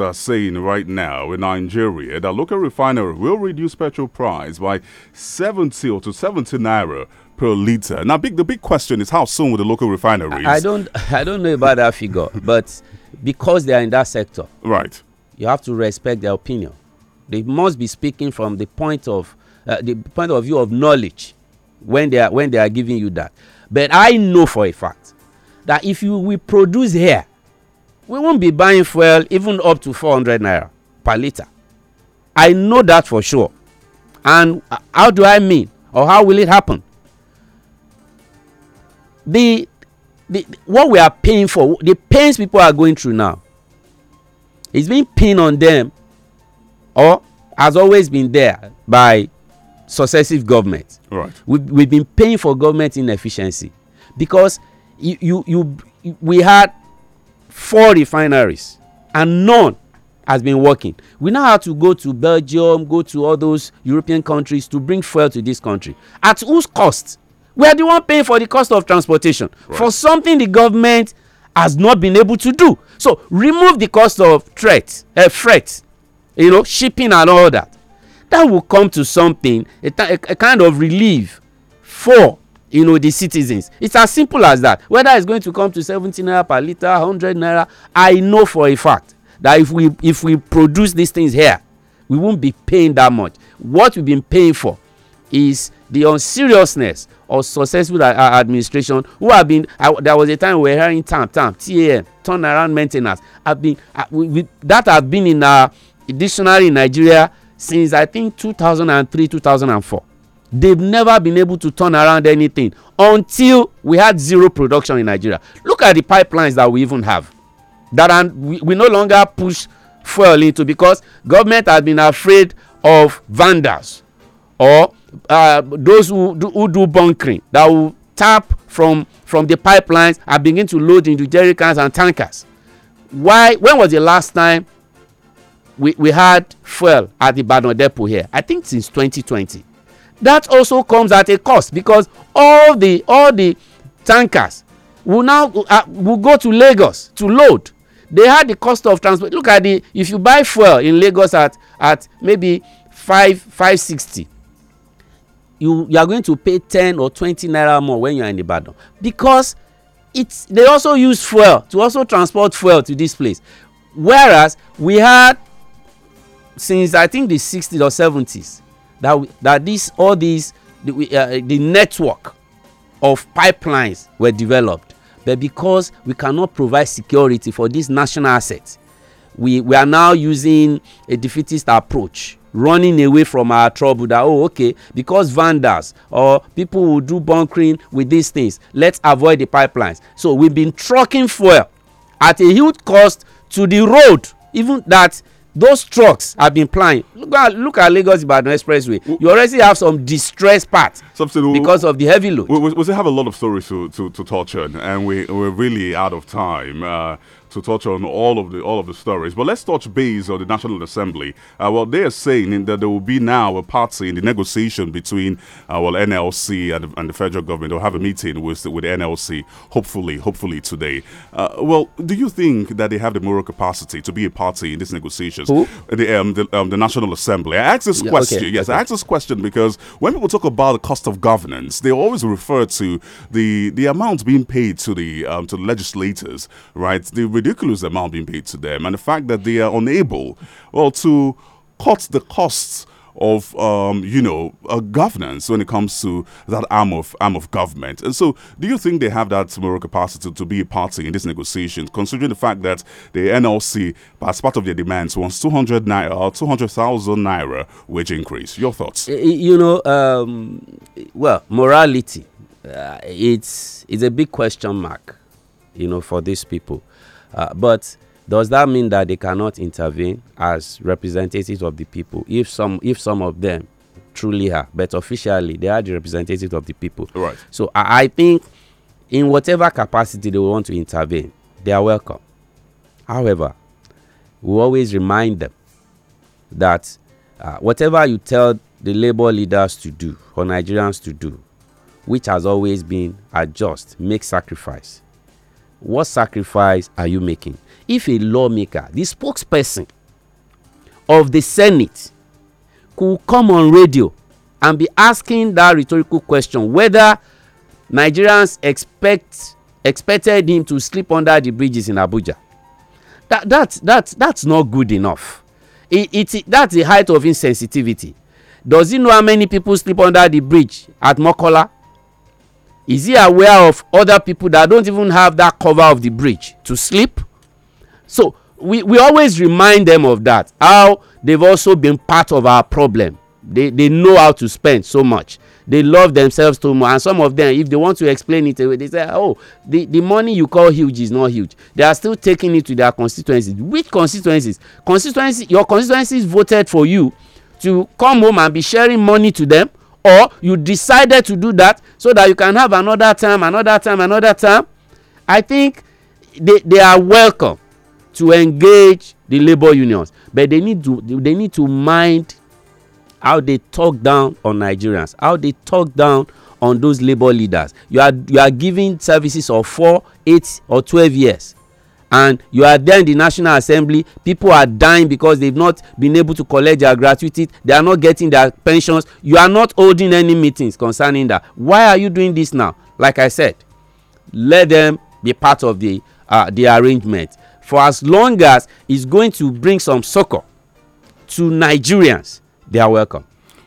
are saying right now in Nigeria that local refinery will reduce petrol price by 70 or to 70 naira per liter. Now, big the big question is how soon will the local refineries? I don't I don't know about that figure, but because they are in that sector, right? You have to respect their opinion. They must be speaking from the point of uh, the point of view of knowledge when they are when they are giving you that. But I know for a fact that if you we produce here we won't be buying fuel even up to 400 naira per liter. I know that for sure. And how do I mean, or how will it happen? The, the what we are paying for, the pains people are going through now, it's been pinned on them, or has always been there by successive governments. Right. We, we've been paying for government inefficiency because you, you, you we had four refineries and none has been working. We now have to go to Belgium, go to all those European countries to bring fuel to this country. At whose cost? We are the one paying for the cost of transportation right. for something the government has not been able to do. So remove the cost of threat, uh, freight, you know, shipping and all that. That will come to something, a, a kind of relief for you know the citizens it's as simple as that whether it's going to come to seventy naira per litre hundred naira i know for a fact that if we if we produce these things here we won't be paying that much what we've been paying for is the unseriousness of successful administration who have been I, there was a time we were hearing tam tam tam around maintenance have been uh, we, we, that have been in our dictionary in nigeria since i think 2003 2004 they've never been able to turn around anything until we had zero production in nigeria look at the pipelines that we even have that are, we, we no longer push fuel into because government has been afraid of vandals or uh, those who do, who do bunkering that will tap from from the pipelines and begin to load into jerry cans and tankers why when was the last time we we had fuel at the ibadan depot here i think since 2020 that also comes at a cost because all the all the tankers will now uh, will go to lagos to load they had the cost of transport look at the if you buy fuel in lagos at at maybe five five sixty you you are going to pay ten or twenty naira more when you are in ibadan because it's they also use fuel to also transport fuel to this place whereas we had since i think the sixties or seventies that that this all these the, uh, the network of pipelines were developed but because we cannot provide security for these national assets we we are now using a defeatist approach running away from our trouble that oh okay because vandals or people who do bunkering with these things let's avoid the pipelines so we've been trucking fuel at a huge cost to the road even that those trucks have been plying look at look at lagos ibadan expressway you already have some distressed parts because of the heavy load. we, we, we have a lot of stories to, to, to touch on and we, we're really out of time uh, to touch on all of the all of the stories. But let's touch base on the National Assembly. Uh, well, they are saying that there will be now a party in the negotiation between uh, well NLC and, and the federal government. They'll have a meeting with with NLC hopefully hopefully today. Uh, well, do you think that they have the moral capacity to be a party in these negotiations? Who? The, um, the, um, the National Assembly. I ask this yeah, question. Okay, yes, okay. I ask this question because when people talk about the cost of governance, they always refer to the the amount being paid to the um, to legislators, right? The ridiculous amount being paid to them, and the fact that they are unable, well, to cut the costs of um, you know uh, governance when it comes to that arm of arm of government. And so, do you think they have that moral capacity to be a party in this negotiation, considering the fact that the NLC, as part of their demands, wants 200 naira, 200,000 naira wage increase? Your thoughts? You know, um, well, morality. Uh, it's it's a big question mark, you know, for these people. Uh, but does that mean that they cannot intervene as representatives of the people if some if some of them truly are but officially they are the representatives of the people right so i, I think in whatever capacity they want to intervene they are welcome however we always remind them that uh, whatever you tell the labor leaders to do or nigerians to do which has always been adjust make sacrifice What sacrifice are you making? If a lawmaker, the spokesperson of the Senate, could come on radio and be asking that rhetorical question whether Nigerians expect expected him to sleep under the bridges in Abuja. That, that, that, that's not good enough. It, it, that's the height of insensitivity. Does he know how many people sleep under the bridge at Mokola? Is he aware of other people that don't even have that cover of the bridge to sleep? So we, we always remind them of that, how they've also been part of our problem. They, they know how to spend so much. They love themselves too much. And some of them, if they want to explain it away, they say, oh, the, the money you call huge is not huge. They are still taking it to their constituencies. Which constituencies? Constituency, your constituencies voted for you to come home and be sharing money to them or you decided to do that so that you can have another time another time another time i think they they are welcome to engage the labour unions but they need to they need to mind how they talk down on nigerians how they talk down on those labour leaders you are you are giving services of four eight or twelve years and you are there in the national assembly people are dying because they've not been able to collect their gratuity they are not getting their pensions you are not holding any meetings concerning that why are you doing this now like i said let them be part of the uh, the arrangement for as long as it's going to bring some succor to nigerians they are welcome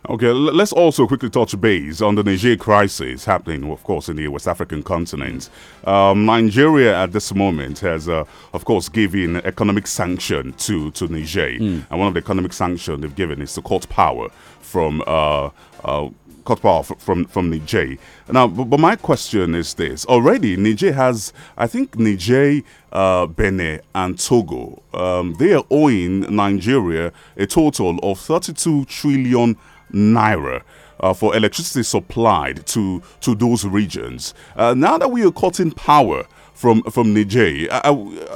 Okay, let's also quickly touch base on the Niger crisis happening, of course, in the West African continent. Um, Nigeria at this moment has, uh, of course, given economic sanction to, to Niger. Mm. And one of the economic sanctions they've given is to cut power from. Uh, uh, cut power from from Niger. Now, but, but, my question is this: already Niger has, I think, Niger, uh, Benin, and Togo. Um, they are owing Nigeria a total of thirty-two trillion naira. Uh, for electricity supplied to to those regions. Uh, now that we are cutting power from from Niger, are,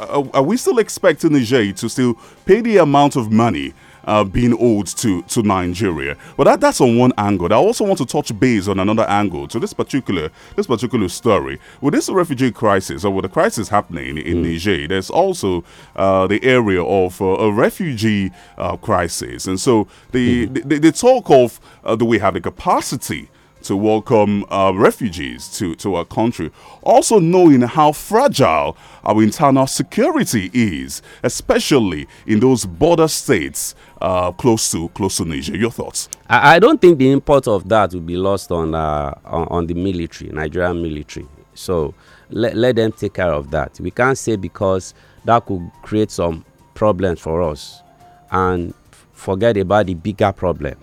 are, are, we still expecting Niger to still pay the amount of money uh, being owed to, to Nigeria. But that, that's on one angle. I also want to touch base on another angle to this particular this particular story. With this refugee crisis or with the crisis happening in mm. Niger, there's also uh, the area of uh, a refugee uh, crisis, and so the, mm. the, the, the talk of uh, do we have the capacity to welcome uh, refugees to, to our country. Also, knowing how fragile our internal security is, especially in those border states uh, close to close to Niger. Your thoughts? I, I, don't think the import of that will be lost on uh, on, on, the military, Nigerian military. So let, let them take care of that. We can't say because that could create some problems for us and forget about the bigger problem.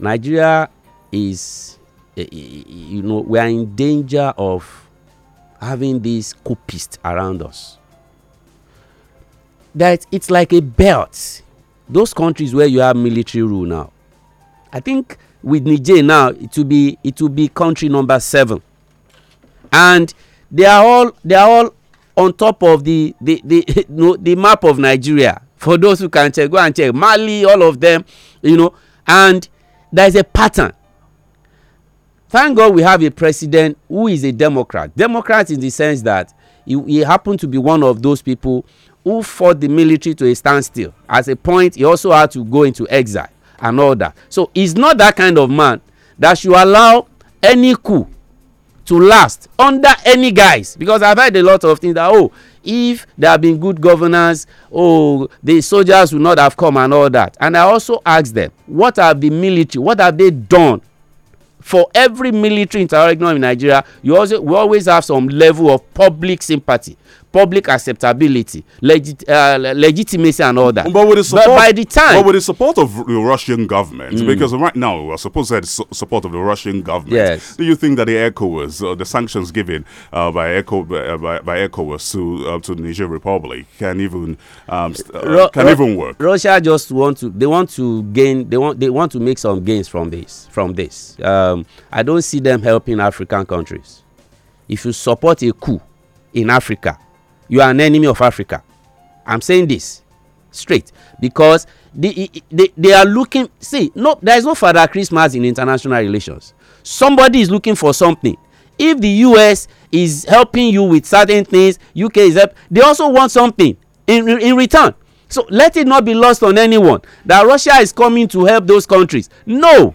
Nigeria is Eh, eh, eh, you know, we are in danger of having these copists around us. That it's like a belt. Those countries where you have military rule now, I think with Niger now it will be it will be country number seven, and they are all they are all on top of the the the the map of Nigeria. For those who can check, go and check Mali, all of them, you know, and there is a pattern Thank God we have a president who is a Democrat. Democrat in the sense that he, he happened to be one of those people who fought the military to a standstill. As a point, he also had to go into exile and all that. So he's not that kind of man that should allow any coup to last under any guise because i've heard a lot of things that oh if there had been good governance oh the soldiers would not have come and all that and i also ask them what have the military what have they done for every military interregnum in Nigeria, you also we always have some level of public sympathy. public acceptability, uh, legitimacy, and all that. But, with the support, but by the time, but with the support of the Russian government, mm. because right now we're supposed to have support of the Russian government. Yes. Do you think that the ECOWAS, uh, the sanctions given uh, by, Echo uh, by, by ECOWAS to uh, to the Niger Republic, can even um, uh, can Ru even work? Russia just want to they want to gain they want they want to make some gains from this from this. Um, I don't see them helping African countries. If you support a coup in Africa, you are an enemy of africa i'm saying this straight because they, they they are looking see no there is no father christmas in international relations somebody is looking for something if the us is helping you with certain things uk is help they also want something in in return so let it not be lost on anyone that russia is coming to help those countries no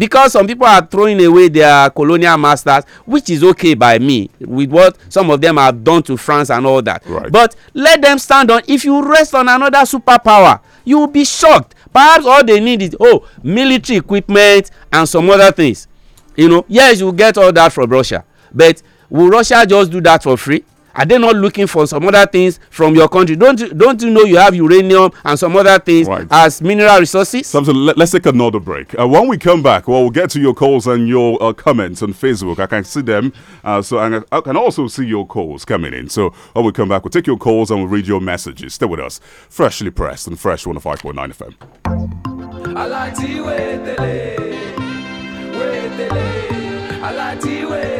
because some people are throwing away their colonial masters which is okay by me with what some of them have done to france and all that right. but let them stand on if you rest on another superpower you will be shocked perhaps all they need is oh military equipment and some other things you know yes you get all that from russia but will russia just do that for free are they not looking for some other things from your country don't don't you know you have uranium and some other things right. as mineral resources let, us take another break uh, when we come back well we'll get to your calls and your uh, comments on facebook i can see them uh, so I, I can also see your calls coming in so when we come back we'll take your calls and we'll read your messages stay with us freshly pressed and fresh 105.9 fm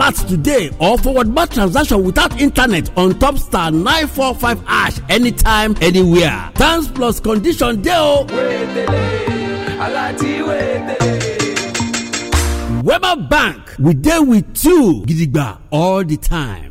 alert today or forward bar transaction without internet on top star 945 ash anytime anywhere thanks plus condition deo. weber bank we deal with you gidigba all the time.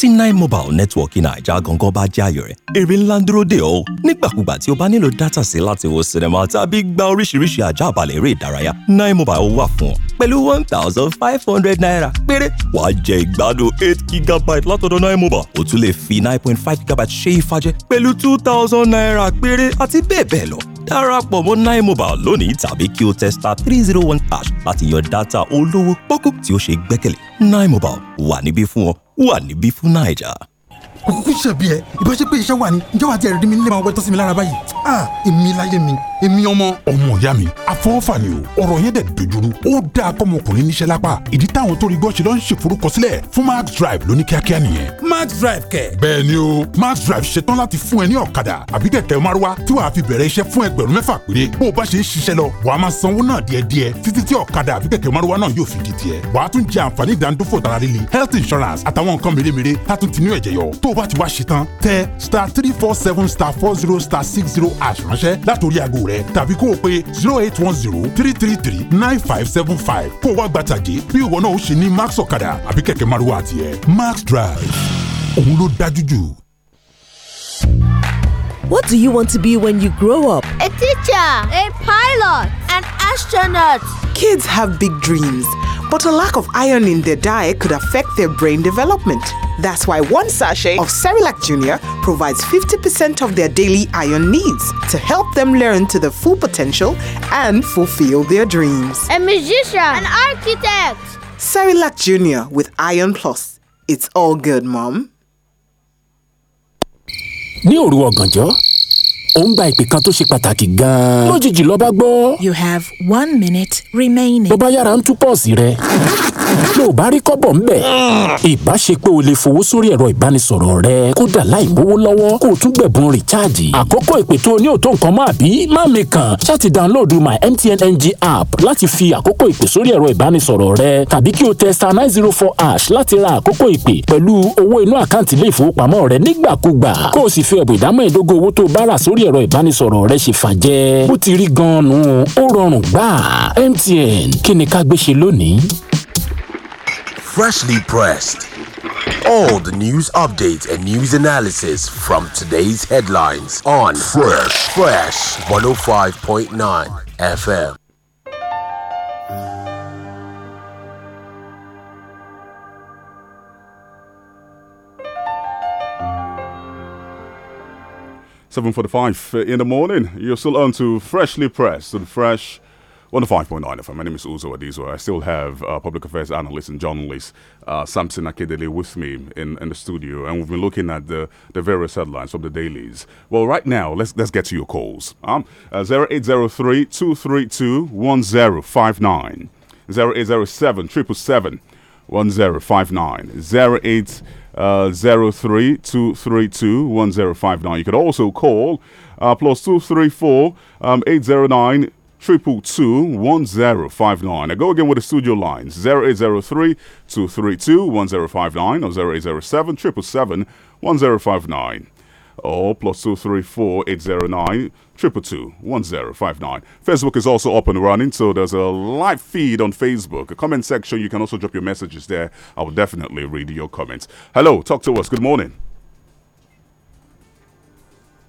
tí nine mobile nẹ́tíwọ̀kì naija gangan bá jẹ́ ayọ̀ rẹ̀ èrè ńlá ń dúró dè ọ́ nígbàkúgbà tí o bá nílò dátà sí láti wo sinimá tàbí gba oríṣiríṣi àjààbálẹ̀ eré ìdárayá nine mobile wà fún ọ pẹ̀lú one thousand five hundred naira péré wàá jẹ ìgbádùn eight gigabyte látọ̀dọ̀ nine mobile o tún lè fi nine point five gigabyte ṣe ìfàjẹ pẹ̀lú two thousand naira péré àti bẹ́ẹ̀ bẹ́ẹ̀ lọ darapọ̀ mọ́ nine mobile lónìí tàbí kí o tẹ star three zero one hash láti yan dátà olówó pọ́kú tí o ṣe gbẹ́kẹ̀lé nine mobile wà níbí fún ọ one before Niger. òkùnkùn ṣẹ̀bi ẹ̀ ìbáṣe pé iṣẹ́ wà ní ǹjẹ́ wàá jẹ́ ẹ̀rí mi nílé máa wẹ́ tọ́sí mi lára báyìí ah èmi láyé mi èmi ọmọ. ọmọ ìyá mi afọ́nfà ni o ọ̀rọ̀ yẹn dẹ̀ dojúrú ó dáa kọ́mọkùnrin níṣẹ́ lápá ìdí táwọn tó rí gọ́ọ̀ṣì lọ́n ṣe forúkọsílẹ̀ fún max drive lóní kíákíá nìyẹn. max drive kẹ̀. bẹ́ẹ̀ ni o max drive ṣetán láti fún ẹ ní ọ̀kadà àbí kẹ̀kẹ́ márúwá tí wàá fi bẹ̀rẹ̀ iṣẹ́ fún ẹgbẹ̀rún mẹ́fà péré bó o bá ṣe ń ṣiṣẹ́ lọ wàá máa sanwó náà díẹ̀díẹ̀ títí tí ọ̀kadà health insurance àtàwọn nǹkan mèremère tá a tún ti ní tó o bá ti wá ṣe tán tẹ star three four seven star four zero star six zero Ash ránṣẹ́ látòrí aago rẹ tàbí kó o pe zero eight one zero three three three nine five seven five kó o wá gba tàjé bí ìwọ náà ó ṣe ní max ọ̀kadà àbí kẹ̀kẹ́ márùwá tiẹ̀ max drive òun ló dájú jù. What do you want to be when you grow up? A teacher, a pilot, an astronaut. Kids have big dreams, but a lack of iron in their diet could affect their brain development. That's why one sachet of Cerilac Junior provides 50% of their daily iron needs to help them learn to their full potential and fulfill their dreams. A musician, an architect. Cerilac Junior with Iron Plus. It's all good, Mom. ní òru ọ̀gànjọ́ ó ń gba ìpè kan tó ṣe pàtàkì gan-an lójijì ló bá gbọ́. you have one minute remaining. bó bá ń tú pọ́ọ̀sì rẹ ló bá rí kọ́bọ̀ ńbẹ̀. ìbá ṣe pé o lè fowó sórí ẹ̀rọ ìbánisọ̀rọ̀ rẹ kódà láì mówó lọ́wọ́ kó o tún gbẹ̀bùn rìchaàjì. àkókò ìpè tó o ní òtó nǹkan mọ́ àbí má mi kàn ṣáàtì dáńlóòdù my MTN NG app láti fi àkókò ìpè sórí ẹ̀rọ ìbánisọ̀rọ̀ rẹ tàbí kí o tẹ star nine zero four ash láti ra àkókò ìpè pẹ̀lú owó inú àkáǹtì ilé ìfowópamọ́ rẹ nígbàkúgbà kó o sì fi ẹ̀bùn ìdámọ̀ ìdógó owó tó o bá rà sórí ẹ̀rọ ìbánisọ̀rọ̀ rẹ ṣe fàjẹ́ bó ti rí gan-an nù ó rọrùn gbà MTN kí ni ká gbé lónìí. freshly pressed. All the news updates and news analysis from today's headlines on Fresh Fresh 105.9 FM. Seven forty-five in the morning. You're still on to freshly pressed and fresh five point nine FM. My name is Uzo Adizo. I still have uh, public affairs analyst and journalist uh, Samson Akedele with me in, in the studio, and we've been looking at the, the various headlines from the dailies. Well, right now, let's let's get to your calls. Um, uh, 0803 232 1059, 0807 1059, 0803 uh, 232 1059. You could also call uh, plus 234 um, 809 triple two one zero five nine. I go again with the studio lines zero eight zero three two three two one zero five nine or zero eight zero seven triple seven one zero five nine or plus two three four eight zero nine triple two one zero five nine. Facebook is also up and running, so there's a live feed on Facebook. A comment section, you can also drop your messages there. I will definitely read your comments. Hello, talk to us. Good morning.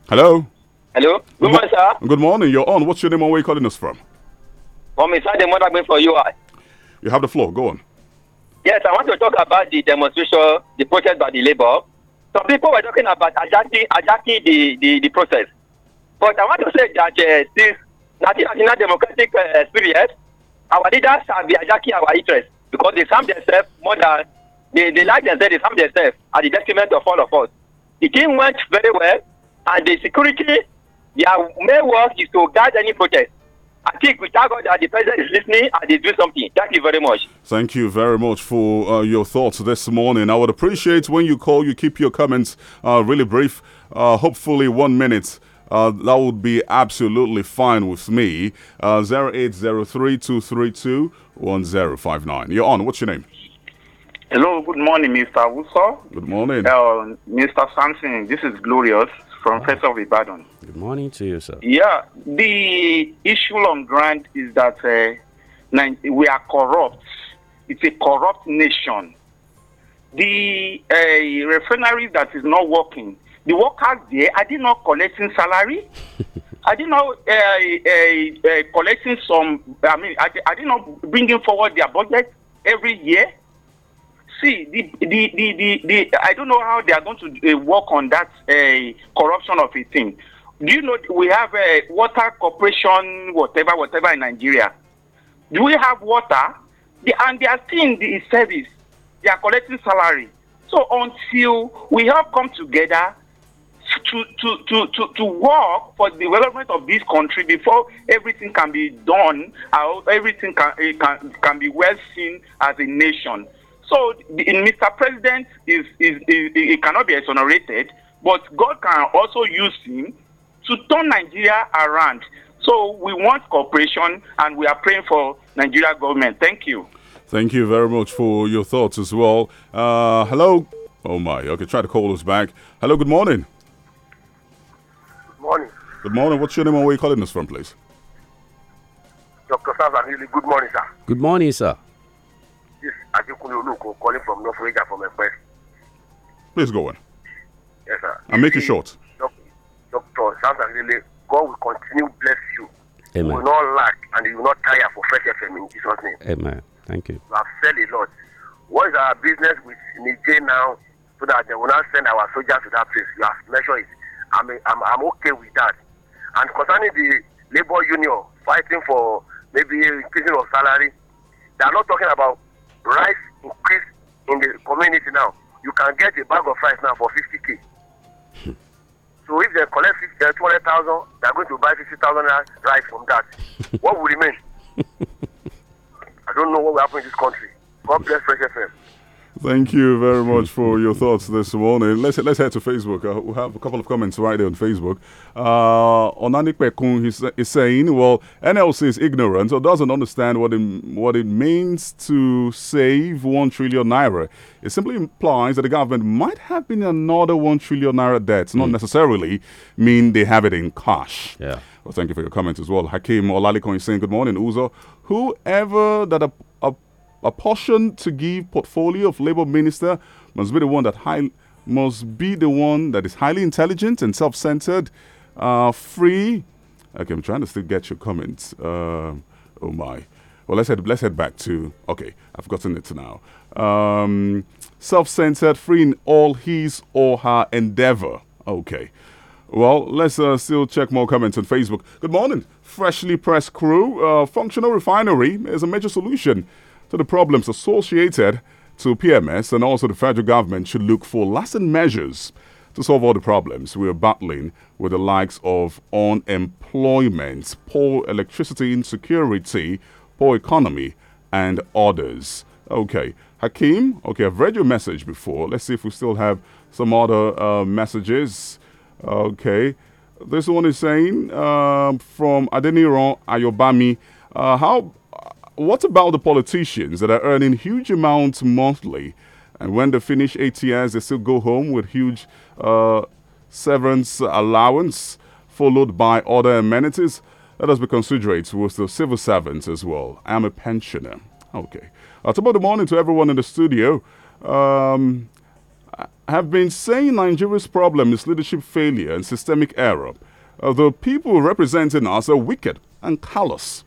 Hello. Hello. Good, Good morning, sir. Good morning. You're on. What's your name and where are you calling us from? From inside the mother for you. Ah. You have the floor. Go on. Yes, I want to talk about the demonstration, the protest by the labor. Some people were talking about attacking, attacking the, the, the process. But I want to say that uh, since a Democratic uh, our leaders have been attacking our interests because they harm themselves more than they, they like themselves, they harm themselves at the detriment of all of us. The team went very well, and the security their main work is to guide any protest. I think we thank God that the president is listening and they do something. Thank you very much. Thank you very much for uh, your thoughts this morning. I would appreciate when you call, you keep your comments uh, really brief, uh, hopefully one minute. Uh, that would be absolutely fine with me. Uh, zero eight zero three 1059 You're on. What's your name? Hello. Good morning, Mr. Wusso. Good morning. Uh, Mr. Sampson, this is Glorious from First of Good morning to you, sir. Yeah, the issue on ground is that uh, we are corrupt. It's a corrupt nation. The uh, refinery that is not working, the workers there are they not collecting salary? are they not uh, uh, uh, collecting some? I mean, are they, are they not bringing forward their budget every year? see the the the the, the I don't know how they are going to uh, work on that uh, corruption of a thing. Do you know we have a uh, water corporation, whatever, whatever in Nigeria? Do we have water? and they are seeing the service. They are collecting salary. So until we have come together to, to, to, to, to work for the development of this country before everything can be done, everything can, eh, can, can be well seen as a nation. So the, Mr. President is, is, is, is cannot be exonerated, but God can also use him to turn Nigeria around. So we want cooperation, and we are praying for Nigeria government. Thank you. Thank you very much for your thoughts as well. Uh, hello. Oh my. Okay, try to call us back. Hello. Good morning. Good morning. Good morning. What's your name and where are you calling us from, please? Dr. Sazanili. Good morning, sir. Good morning, sir is Adekunle Oluko calling from North Ranger from Ekpe. Please go on. Yes, sir. And make it short. Dr. Samson Lele, God will continue bless you. Amen. You will not lack and you will not tire for fresh FM in Jesus' name. Amen. Thank you. You have said a lot. What is our business with Niger now so that they will not send our soldiers to that place? You have measured it. I'm, I'm, I'm okay with that. And concerning the labor union fighting for maybe increasing of salary, they are not talking about rice increase in the community now you can get a bag of rice now for 50k hmm. so if they collect 200000 they are going to buy 50000 rice from that what will remain i don't know what will happen in this country god bless fresh fm Thank you very much for your thoughts this morning. Let's let's head to Facebook. Uh, we have a couple of comments right there on Facebook. Uh, Onani Pekun is, is saying, "Well, NLC is ignorant or doesn't understand what it, what it means to save one trillion naira. It simply implies that the government might have been another one trillion naira debt, not mm. necessarily mean they have it in cash." Yeah. Well, thank you for your comments as well. Hakim Olalikon is saying, "Good morning, Uzo. Whoever that." A, a apportioned to give portfolio of labor minister must be the one that high, must be the one that is highly intelligent and self-centered, uh, free. Okay, I'm trying to still get your comments. Uh, oh my. Well, let's head let's head back to okay. I've gotten it now. Um, self-centered, free in all his or her endeavor. Okay. Well, let's uh, still check more comments on Facebook. Good morning, freshly pressed crew. Uh, functional refinery is a major solution to the problems associated to PMS and also the federal government should look for lasting measures to solve all the problems we are battling with the likes of unemployment, poor electricity insecurity, poor economy, and others. Okay, Hakim, okay, I've read your message before. Let's see if we still have some other uh, messages. Okay, this one is saying um, from Adeniran Ayobami. Uh, how what about the politicians that are earning huge amounts monthly? And when they finish eight years, they still go home with huge uh, severance allowance, followed by other amenities. Let us be considerate with the civil servants as well. I am a pensioner. Okay. Uh, the morning to everyone in the studio. Um, I have been saying Nigeria's problem is leadership failure and systemic error. Uh, the people representing us are wicked and callous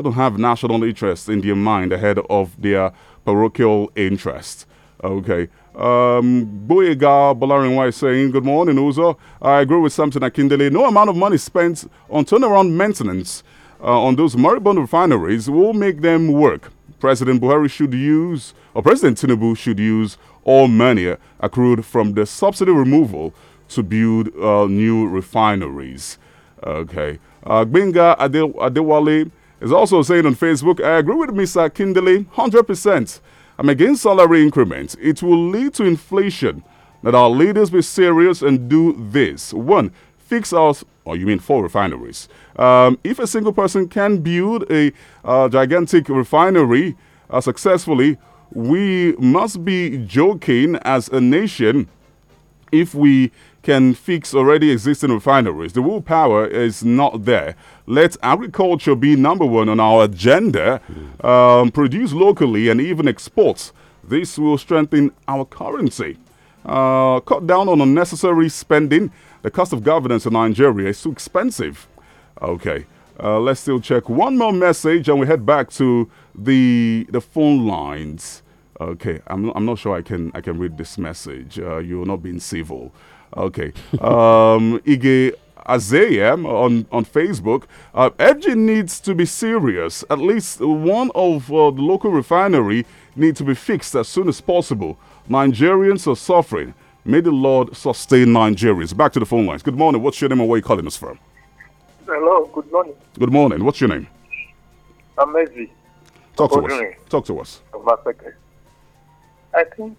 don't have national interests in their mind ahead of their parochial interests. Okay. Um, Boyega Bolarinwa is saying, Good morning, Uzo. I agree with Samson Akindele. No amount of money spent on turnaround maintenance uh, on those moribund refineries will make them work. President Buhari should use, or President Tinubu should use all money accrued from the subsidy removal to build uh, new refineries. Okay. Uh, Gbenga Ade Adewale is also saying on Facebook, I agree with Mr. Kindley 100%. I'm against salary increments. It will lead to inflation. That our leaders be serious and do this. One, fix our, or oh, you mean four refineries. Um, if a single person can build a uh, gigantic refinery uh, successfully, we must be joking as a nation if we can fix already existing refineries. The willpower is not there. Let agriculture be number one on our agenda, um, produce locally and even exports. This will strengthen our currency. Uh, cut down on unnecessary spending. The cost of governance in Nigeria is too expensive. Okay, uh, let's still check one more message and we head back to the, the phone lines. Okay, I'm, I'm not sure I can I can read this message. Uh, you're not being civil. Okay, um, Ige Azayem on on Facebook. Uh, FG needs to be serious. At least one of uh, the local refinery need to be fixed as soon as possible. Nigerians are suffering. May the Lord sustain Nigerians. Back to the phone lines. Good morning. What's your name and where are you calling us from? Hello. Good morning. Good morning. What's your name? Amezi. Talk to us. Talk to us. I think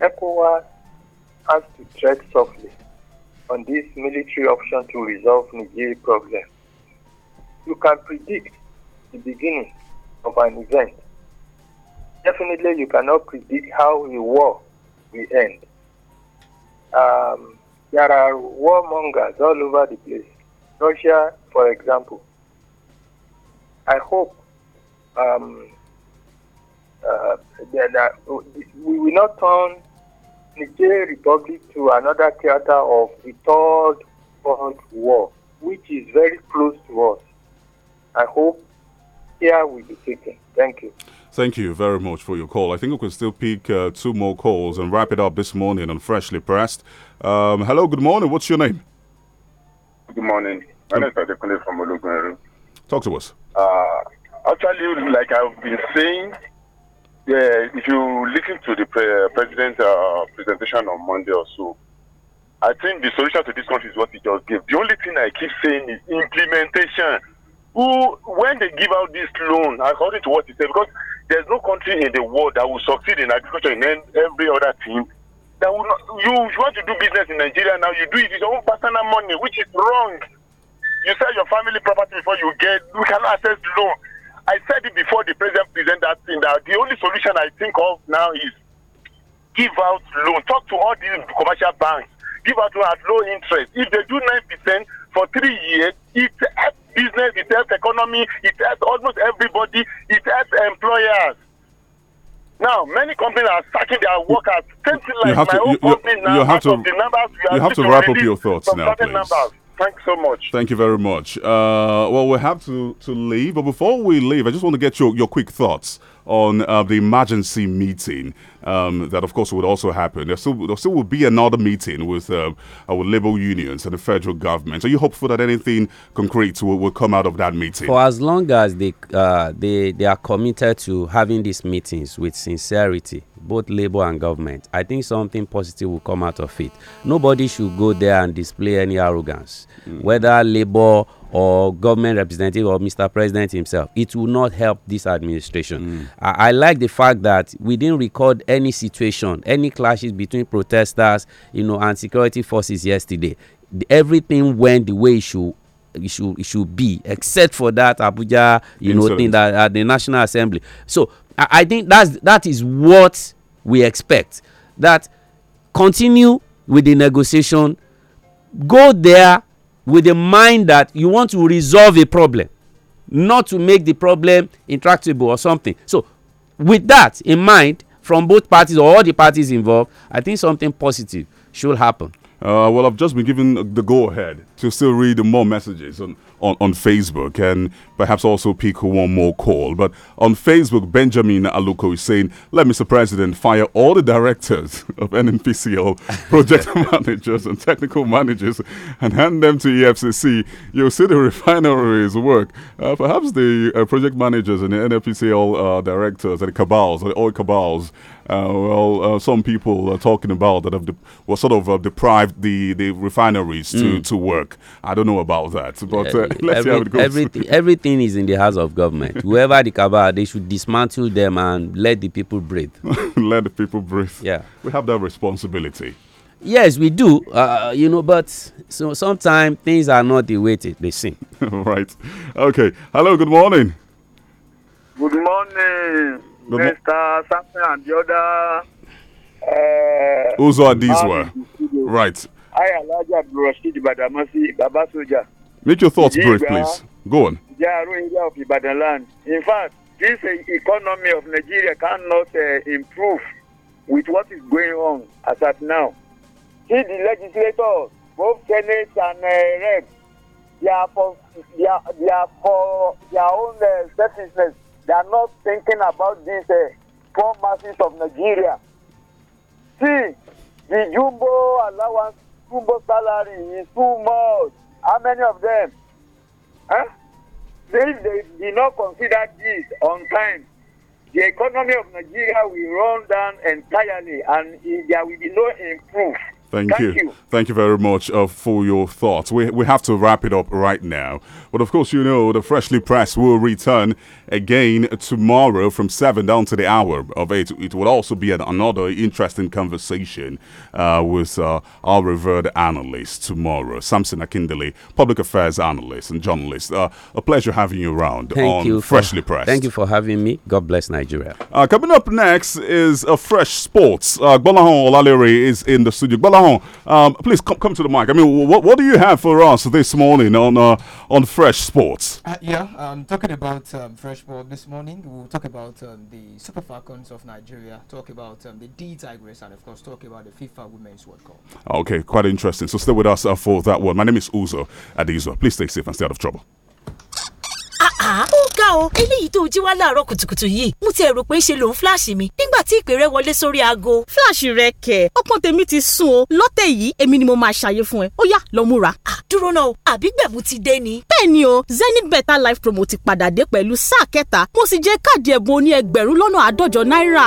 ECOWAS has to tread softly on this military option to resolve Niger problem. You can predict the beginning of an event. Definitely, you cannot predict how a war will end. Um, there are warmongers all over the place. Russia, for example. I hope um, uh, that we will not turn Niger Republic to another theater of the Third World War, which is very close to us. I hope here will be taken. Thank you. Thank you very much for your call. I think we can still pick uh, two more calls and wrap it up this morning on Freshly Pressed. Um, hello, good morning. What's your name? Good morning. My name is Adekunle from Olugunru. Talk to us. Uh, actually, like I've been saying, yeah, if you listen to the pre- uh, president's uh, presentation on Monday or so, I think the solution to this country is what he just gave. The only thing I keep saying is implementation. Who, when they give out this loan, according to what he said, because there's no country in the world that will succeed in agriculture in every other thing. That will not, you, you want to do business in Nigeria now, you do it with your own personal money, which is wrong. You sell your family property before you get, you cannot access loan I said it before the president presented that thing that the only solution I think of now is give out loan. Talk to all these commercial banks. Give out loan at low interest. If they do nine percent for three years, it helps business, it helps economy, it helps almost everybody, it helps employers. Now, many companies are sacking their workers. you have to, you, have to, you have to wrap up your thoughts now, please. Numbers. Thanks so much. Thank you very much. Uh, well, we have to, to leave, but before we leave, I just want to get your, your quick thoughts on uh, the emergency meeting um, that, of course, would also happen. There still, there still will be another meeting with um, our labor unions and the federal government. Are you hopeful that anything concrete will, will come out of that meeting? For as long as they, uh, they, they are committed to having these meetings with sincerity, both labor and government, I think something positive will come out of it. Nobody should go there and display any arrogance, mm. whether labor or government representative or Mr. President himself. It will not help this administration. Mm. I, I, like the fact that we didn't record any situation any clashes between protesters you know and security forces yesterday the, everything went the way it should it should, it should be except for that abuja you know thing that at the national assembly so I, I think that's that is what we expect that continue with the negotiation go there with the mind that you want to resolve a problem not to make the problem intractable or something so with that in mind from both parties or all the parties involved, I think something positive should happen. Uh, well, I've just been given the go ahead to still read more messages. And on, on Facebook and perhaps also pick one more call. But on Facebook, Benjamin Aluko is saying, Let Mr. President fire all the directors of NNPCL, project managers, and technical managers and hand them to EFCC. You'll see the refineries work. Uh, perhaps the uh, project managers and the NNPCL uh, directors and the cabals, the oil cabals, uh, well, uh, some people are talking about that have were sort of uh, deprived the, the refineries mm. to, to work. I don't know about that, but let's every, see how it goes. Everything, everything is in the hands of government. Whoever the cabal, they should dismantle them and let the people breathe. let the people breathe. Yeah, we have that responsibility yes we do uh, you know but so sometimes things are not the way they seem right okay hello good morning good morning Mr. Something and the other. Uh, Those are these were. Right. I Elijah Rashid Badamasi Baba Soja. Make your thoughts brief, please. Go on. of land. In fact, this uh, economy of Nigeria cannot uh, improve with what is going on as at now. See the legislators, both Senate and uh, Reps, they are for, they are, they are for their own uh, selfishness. They are not thinking about these uh, poor masses of Nigeria. See, the jumbo allowance, jumbo salary is too much. How many of them? Huh? If they do not consider this on time, the economy of Nigeria will run down entirely and there will be no improvement. Thank, Thank you. you. Thank you very much uh, for your thoughts. We, we have to wrap it up right now. But of course, you know, the freshly pressed will return again tomorrow from 7 down to the hour of 8. It will also be an, another interesting conversation uh, with uh, our revered analyst tomorrow, Samson Akindele, public affairs analyst and journalist. Uh, a pleasure having you around thank on you Freshly for, Pressed. Thank you for having me. God bless Nigeria. Uh, coming up next is a fresh sports. Uh, Gbolahon Olaleri is in the studio. Gbolahon, um, please come, come to the mic. I mean, what, what do you have for us this morning on, uh, on Fresh? Fresh Sports. Uh, yeah, um, talking about um, Fresh Sport this morning, we'll talk about um, the Super Falcons of Nigeria, talk about um, the D Tigers, and of course, talk about the FIFA Women's World Cup. Okay, quite interesting. So stay with us uh, for that one. My name is Uzo Adizo. Please stay safe and stay out of trouble. àá ó ga o eléyìí tó jí wá láàárọ̀ kùtùkùtù yìí mo ti rò pé ṣe lòun fíláàṣì mi nígbà tí ìpè rẹ wọlé sórí aago. fíláàṣì rẹ kẹ ọpọ́n tèmi ti sùn o lọ́tẹ̀ yìí èmi ni mo máa ṣàyè fún ẹ ó yá lọ múra. dúró náà àbí gbẹ̀bù ti dé ni. bẹ́ẹ̀ o zenith better life promo ti padà dé pẹ̀lú sáà kẹta mo sì jẹ káàdì ẹ̀bùn oní ẹgbẹ̀rún lọ́nà àádọ́jọ náírà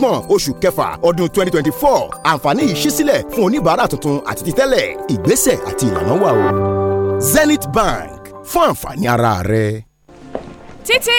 kọkànlélọ́gbọ̀n oṣù kẹfà ọdún twenty twenty four àǹfààní yìí ṣí sílẹ̀ fún oníbàárà tuntun àti títẹ́lẹ̀ ìgbésẹ̀ àti ìlànà wà o Zenith Bank fún àǹfààní ara rẹ. títí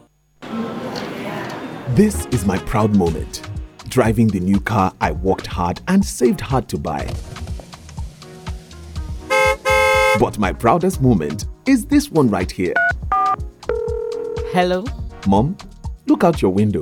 This is my proud moment. Driving the new car I worked hard and saved hard to buy. But my proudest moment is this one right here. Hello? Mom, look out your window.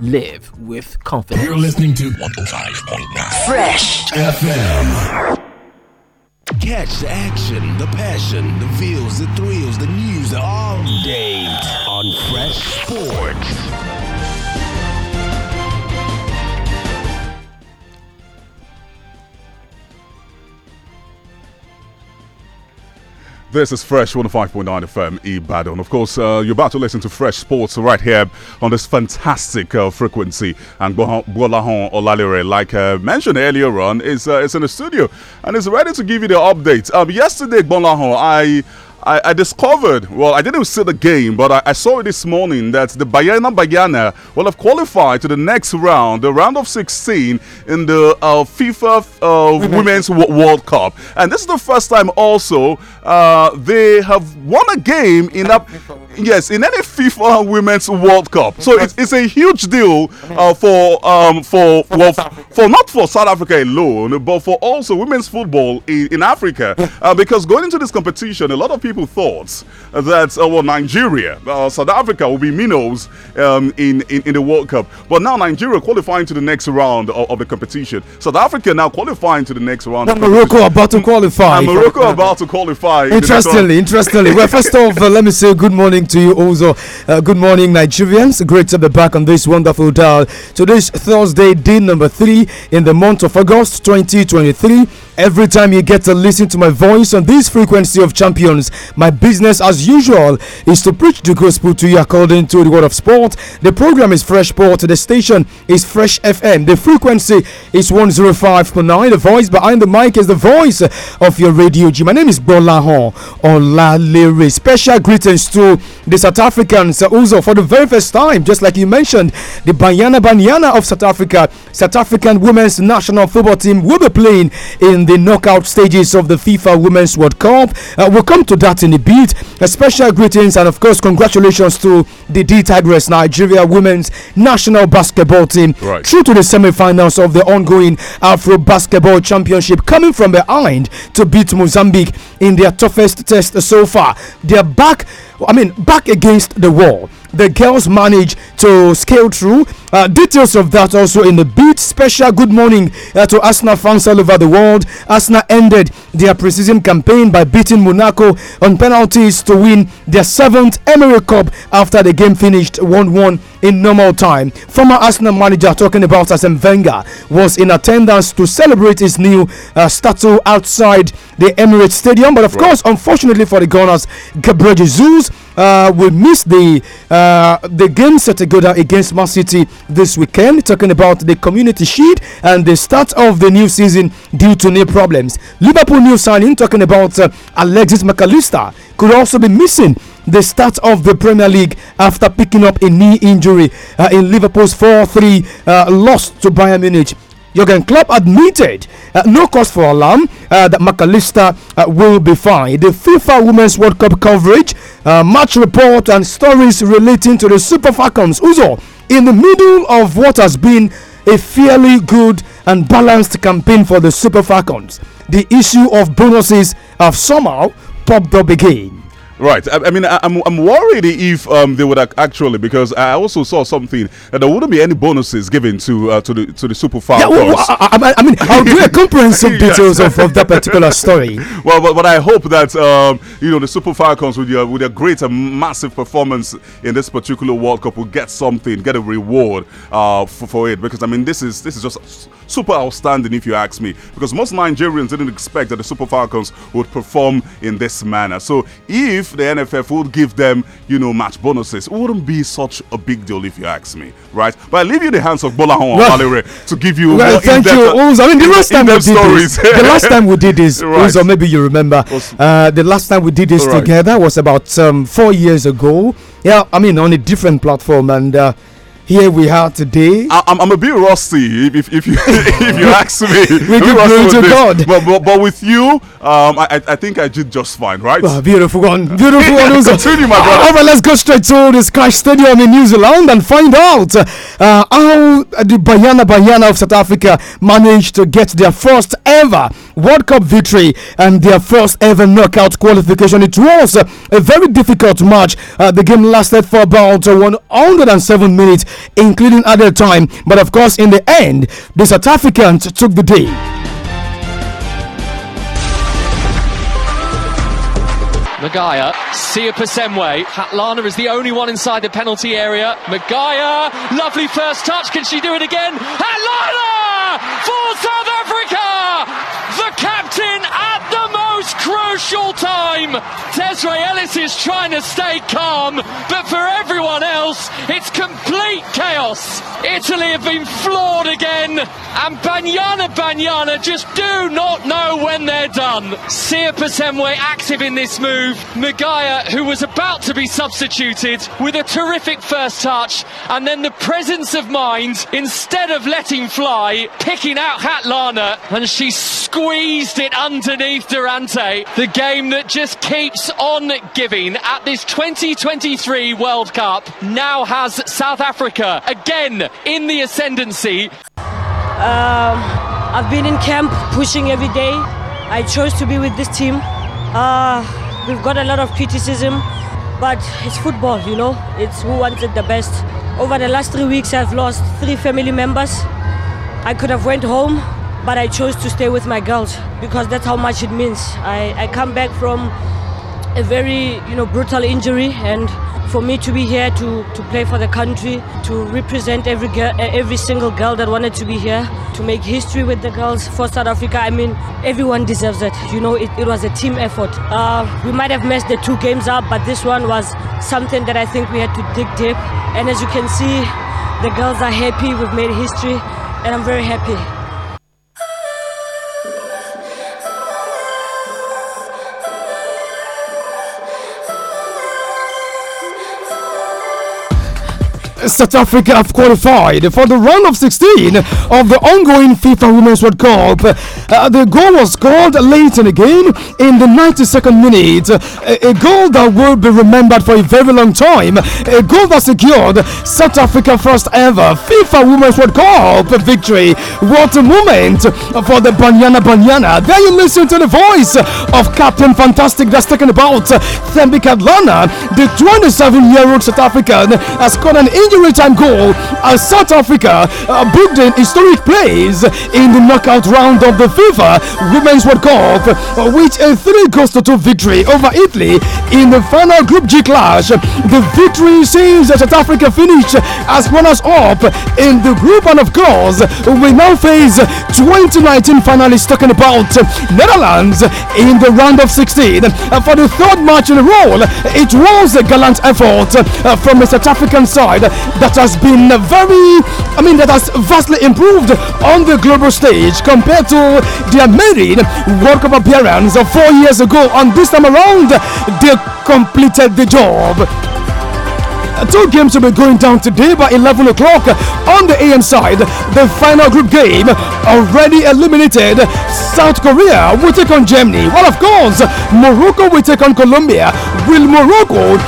live with confidence. You're listening to 105.9 Fresh FM. Catch the action, the passion, the feels, the thrills, the news all day on Fresh Sports. This is Fresh 105.9 FM Ibadan. Of course, uh, you're about to listen to Fresh Sports right here on this fantastic uh, frequency. And Bolahon Olalere, like uh, mentioned earlier on, is, uh, is in the studio and is ready to give you the update. Um, yesterday, Bolahon, I I, I, discovered, well, I didn't see the game, but I, I, saw it this morning that the Bayana Bayana will have qualified to the next round, the round of 16 in the uh, FIFA uh, mm-hmm. Women's World Cup. And this is the first time also uh, they have won a game in a. yes, in any FIFA Women's World Cup. So it's, it's a huge deal uh, for um, for well, for not for South Africa alone, but for also women's football in, in Africa. Uh, because going into this competition, a lot of people thought that uh, well, Nigeria, uh, South Africa will be minnows um, in, in, in the World Cup. But now Nigeria qualifying to the next round of, of the competition. South Africa now qualifying to the next round. And Morocco about to qualify. And Morocco about to qualify. Interestingly, interestingly. Well, first of all, uh, let me say good morning to you also. Uh, good morning, Nigerians. Great to be back on this wonderful dial. Today's Thursday, day number three in the month of August 2023. Every time you get to listen to my voice on this frequency of champions, my business as usual is to preach the gospel to you according to the word of sport. The program is Fresh Sport, the station is Fresh FM, the frequency is 105.9. The voice behind the mic is the voice of your radio G. My name is Bolahon Hon Special greetings to the South Africans uh, also for the very first time, just like you mentioned, the Banyana Banyana of South Africa, South African women's national football team will be playing in the knockout stages of the FIFA Women's World Cup. Uh, we'll come to that in a bit. A special greetings and, of course, congratulations to the D Tigress Nigeria Women's National Basketball Team right. through to the semi finals of the ongoing Afro Basketball Championship, coming from behind to beat Mozambique in their toughest test so far. They're back, I mean, back against the wall the girls managed to scale through. Uh, details of that also in the beat special. Good morning uh, to Arsenal fans all over the world. Arsenal ended their preseason campaign by beating Monaco on penalties to win their seventh Emirates Cup after the game finished 1 1 in normal time. Former Arsenal manager talking about Arsene Wenger was in attendance to celebrate his new uh, statue outside the Emirates Stadium. But of right. course, unfortunately for the Gunners, Gabriel Jesus uh, we missed the uh, the game at Agoda against Man City this weekend. Talking about the Community Shield and the start of the new season due to knee problems. Liverpool new signing. Talking about uh, Alexis McAllister could also be missing the start of the Premier League after picking up a knee injury uh, in Liverpool's 4-3 uh, loss to Bayern Munich Jurgen Klopp admitted uh, no cause for alarm uh, that McAllister uh, will be fine. The FIFA Women's World Cup coverage, uh, match report, and stories relating to the Super Falcons. Uzo, in the middle of what has been a fairly good and balanced campaign for the Super Falcons, the issue of bonuses have somehow popped up again. Right. I, I mean, I, am I'm, I'm worried if um, they would actually because I also saw something that there wouldn't be any bonuses given to uh, to the to the Super far. Yeah, well, I, I, mean, I'll do a comprehensive details of, of that particular story. Well, but, but I hope that um, you know the Super Falcons with your with their great and massive performance in this particular World Cup will get something, get a reward uh, for, for it because I mean this is this is just super outstanding, if you ask me, because most Nigerians didn't expect that the Super Falcons would perform in this manner. So if the NFF would give them, you know, match bonuses, it wouldn't be such a big deal, if you ask me, right? But I leave you in the hands of Bola Hon well, to give you well, more thank you. Also, I mean, the last time we did stories. this, the last time we did this, right. maybe you remember, uh, the last time we did this right. together was about um, four years ago. Yeah, I mean, on a different platform and. Uh, here we are today. I, am I'm, I'm a bit rusty if, if, if you if you ask me. we to God. But, but, but with you, um, I, I think I did just fine, right? Well, ah, beautiful one, beautiful one. Continue, my brother. All right, let's go straight to this crash stadium in New Zealand and find out uh, how the Bayana Bayana of South Africa managed to get their first ever World Cup victory and their first ever knockout qualification. It was a very difficult match. Uh, the game lasted for about 107 minutes including other time. But of course, in the end, the South Africans took the day. Magaya, Sia Pasemwe. Hatlana is the only one inside the penalty area. Magaya, lovely first touch. Can she do it again? Hatlana for South Africa! crucial time. Desiree Ellis is trying to stay calm, but for everyone else, it's complete chaos. Italy have been floored again, and Banyana Banyana just do not know when they're done. Siapa Pasemwe active in this move. Magaya, who was about to be substituted, with a terrific first touch, and then the presence of mind, instead of letting fly, picking out Hatlana, and she squeezed it underneath Durante. The game that just keeps on giving at this 2023 World Cup now has South Africa again in the ascendancy. Um, I've been in camp pushing every day. I chose to be with this team. Uh, we've got a lot of criticism, but it's football, you know. It's who wants it the best. Over the last three weeks, I've lost three family members. I could have went home but I chose to stay with my girls because that's how much it means. I, I come back from a very you know brutal injury and for me to be here to, to play for the country, to represent every girl, every single girl that wanted to be here, to make history with the girls for South Africa. I mean, everyone deserves it. You know, it, it was a team effort. Uh, we might have messed the two games up, but this one was something that I think we had to dig deep. And as you can see, the girls are happy. We've made history, and I'm very happy. South Africa have qualified for the round of 16 of the ongoing FIFA Women's World Cup. Uh, the goal was scored late in the game in the 92nd minute. A, a, goal that will be remembered for a very long time. A goal that secured South Africa first ever FIFA Women's World Cup victory. What a moment for the Banyana Banyana. There you listen to the voice of Captain Fantastic that's talking about Thembi Kadlana, the 27 year old South African, has got an injury time goal as South Africa uh, booked an historic place in the knockout round of the FIFA Women's World Cup which with a 3 goals to 2 victory over Italy in the final Group G clash. The victory sees that South Africa finished as runners up in the group, and of course, we now face 2019 finalists talking about Netherlands in the round of 16. for the third match in a row, it was a gallant effort from the South African side that has been very, I mean, that has vastly improved on the global stage compared to their married World Cup appearance four years ago. And this time around, they completed the job two games will be going down today by 11 o'clock on the AM side. The final group game already eliminated. South Korea will take on Germany. Well, of course, Morocco will take on Colombia. Will Morocco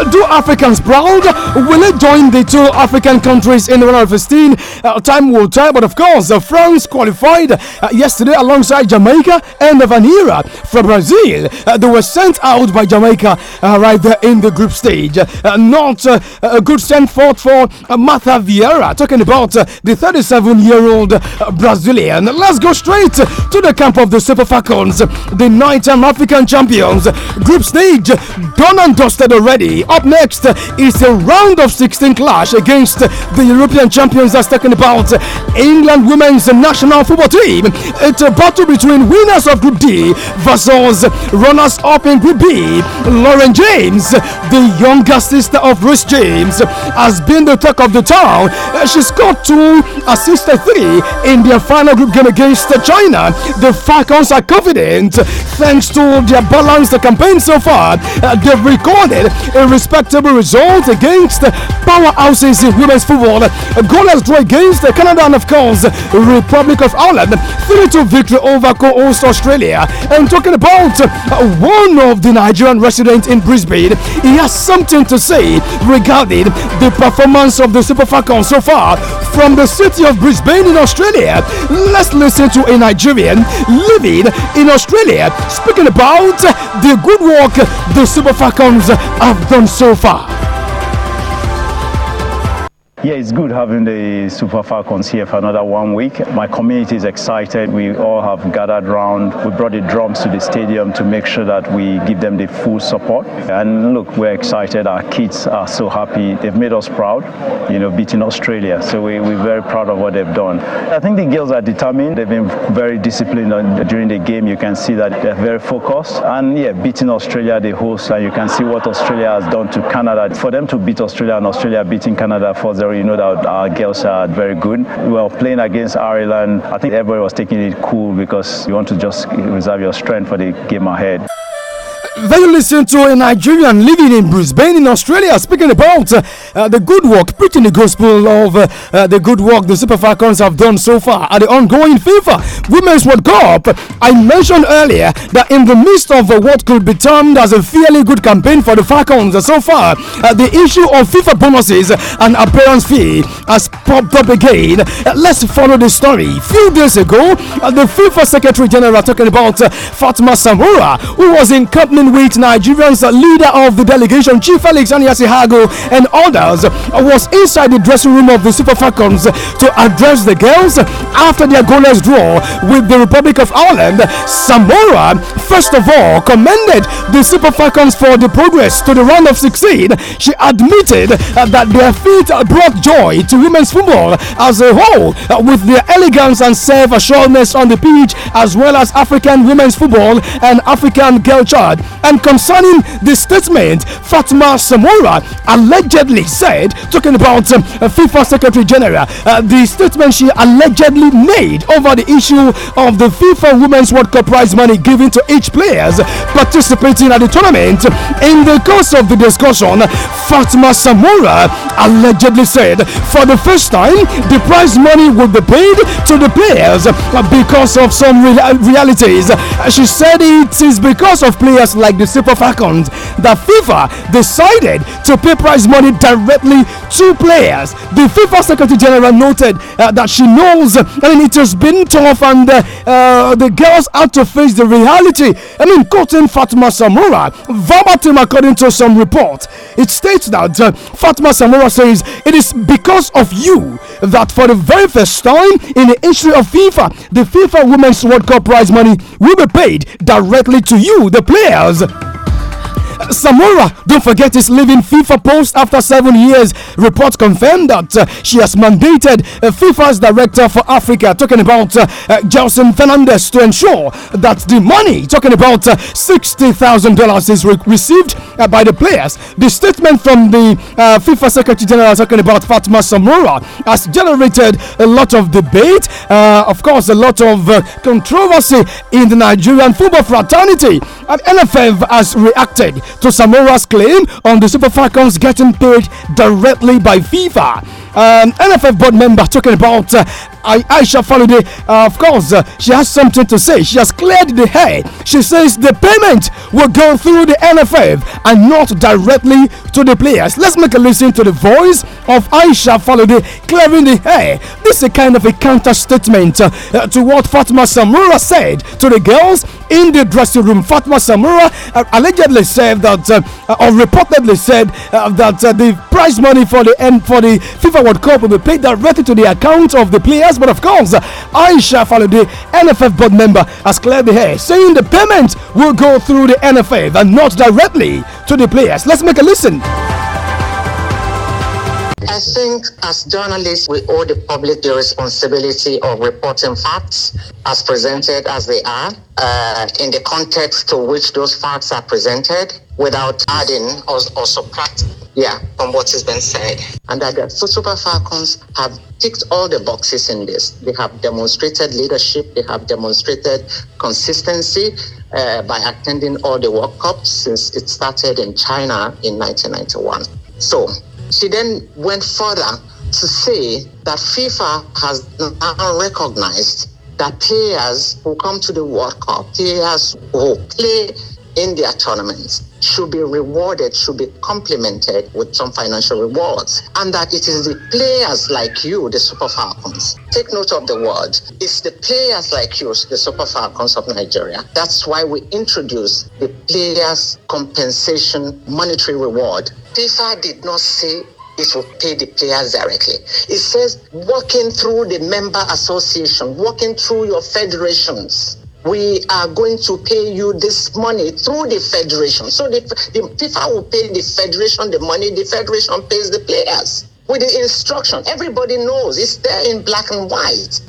uh, do Africans proud? Will it join the two African countries in the round 15? Uh, time will tell, but of course, uh, France qualified uh, yesterday alongside Jamaica and Vanira from Brazil. Uh, they were sent out by Jamaica right there in the group stage. not a good send forth for Martha Vieira, talking about the 37 year old Brazilian. Let's go straight to the camp of the Super Falcons, the nine time African champions. Group stage done and dusted already. Up next is a round of 16 clash against the European champions. That's talking about England women's national football team. It's a battle between winners of Group D versus runners up in Group B. Lauren James, the younger sister of Rose James, has been the talk of the town. She has got two, assists, three in their final group game against China. The Falcons are confident thanks to their balanced campaign so far. They've recorded a respectable result against powerhouses in women's football. A goalless draw against Canada and, of course, Republic of Ireland. 3 2 victory over co host Australia. And talking about uh, one of the Nigerian residents in Brisbane, he has something to say regarding the performance of the Super Falcons so far from the city of Brisbane in Australia. Let's listen to a Nigerian living in Australia speaking about the good work the Super Falcons have done so far. Yeah, it's good having the Super Falcons here for another one week. My community is excited. We all have gathered round. We brought the drums to the stadium to make sure that we give them the full support. And look, we're excited. Our kids are so happy. They've made us proud, you know, beating Australia. So we, are very proud of what they've done. I think the girls are determined. They've been very disciplined during the game. You can see that they're very focused. And yeah, beating Australia, the host, and you can see what Australia has done to Canada. For them to beat Australia and Australia beating Canada for 0 you know that our girls are very good. We were playing against Ireland. I think everybody was taking it cool because you want to just reserve your strength for the game ahead. They listen to a Nigerian living in Brisbane, in Australia, speaking about uh, uh the good work, preaching the gospel of uh, uh, the good work the Super Falcons have done so far at the ongoing FIFA Women's World Cup. I mentioned earlier that in the midst of uh, what could be termed as a fairly good campaign for the Falcons so far, the issue of FIFA bonuses and appearance fee has popped up again. let's follow the story. Few days ago, the FIFA Secretary General talking about Fatma Samura, who was in company heavyweight Nigerians, leader of the delegation, Chief Felix Anyasihago, and others, uh, was inside the dressing room of the Super Falcons to address the girls after their goalless draw with the Republic of Ireland. Samora, first of all, commended the Super Falcons for the progress to the round of 16. She admitted uh, that their feat brought joy to women's football as a whole, uh, with their elegance and self assuredness on the pitch, as well as African women's football and African girl child. And concerning the statement, Fatma Samora allegedly said, talking about um, FIFA Secretary General, uh, the statement she allegedly made over the issue of the FIFA Women's World Cup prize money given to each players participating at the tournament. In the course of the discussion, Fatma Samora allegedly said, for the first time, the prize money will be paid to the players because of some realities. She said it is because of players like the Super Falcons the FIFA decided to pay prize money directly to players. The FIFA Secretary General noted uh, that she knows, I mean, it has been tough and uh, uh, the girls had to face the reality. I mean, quoting Fatma Samura, verbatim according to some report, it states that uh, Fatma Samura says, It is because of you that for the very first time in the history of FIFA, the FIFA Women's World Cup prize money will be paid directly to you, the players fazla. Samora, don't forget, is leaving FIFA post after seven years. Reports confirm that uh, she has mandated uh, FIFA's director for Africa, talking about uh, uh Gelson Fernandez, to ensure that the money, talking about uh, $60,000, is re received uh, by the players. The statement from the FIFA Secretary General, talking about Fatma Samora, has generated a lot of debate, of course, a lot of controversy in the Nigerian football fraternity. And NFF has reacted to Samora's claim on the Super Falcons getting paid directly by FIFA. Um, NFF board member talking about uh, Aisha Falude, uh, of course, uh, she has something to say. She has cleared the air. She says the payment will go through the NFF and not directly to the players. Let's make a listen to the voice of Aisha Falude clearing the air. This is a kind of a counter statement uh, uh, to what Fatma Samura said to the girls in the dressing room. Fatma Samura uh, allegedly said that, uh, or reportedly said that the prize money for the N for the FIFA World Cup will be paid directly to the account of the players but of course, Aisha Falude, NFF board member, has cleared the air, saying the payment will go through the NFF and not directly to the players. Let's make a listen. I think as journalists, we owe the public the responsibility of reporting facts as presented as they are, uh, in the context to which those facts are presented, without adding or, or subtracting yeah, from what has been said. And that the Super Falcons have ticked all the boxes in this. They have demonstrated leadership, they have demonstrated consistency uh, by attending all the World Cups since it started in China in 1991. So she then went further to say that FIFA has now recognized that players who come to the World Cup, players who play in their tournaments, should be rewarded, should be complemented with some financial rewards, and that it is the players like you, the Super Falcons. Take note of the word. It's the players like you, the Super Falcons of Nigeria. That's why we introduce the players' compensation monetary reward. FIFA did not say it will pay the players directly. It says working through the member association, working through your federations we are going to pay you this money through the federation. So the, the FIFA will pay the federation the money, the federation pays the players with the instruction. Everybody knows it's there in black and white.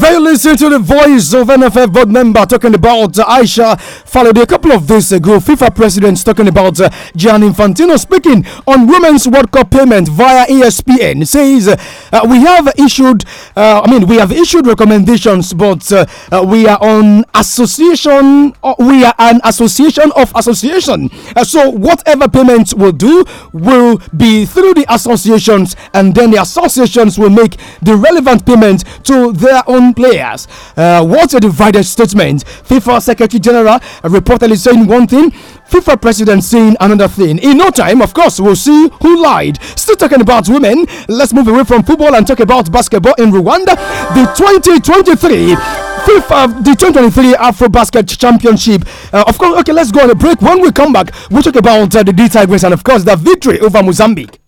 They listen to the voice of NFF board member talking about Aisha followed a couple of days ago. FIFA president talking about uh, Gian Infantino speaking on Women's World Cup payment via ESPN. It says, uh, uh, We have issued, uh, I mean, we have issued recommendations, but uh, uh we are on association, uh, we are an association of association. so whatever payments will do will be through the associations, and then the associations will make the relevant payment to their own players. what a divided statement. FIFA Secretary General reportedly saying one thing, FIFA president saying another thing. In no time, of course, we'll see who lied. Still talking about women, let's move away from football and talk about basketball in Rwanda. The 2023 FIFA, the 2023 Afro Basket Championship. Uh, of course, okay, let's go on a break. When we come back, we'll talk about uh, the D Tigers and, of course, the victory over Mozambique.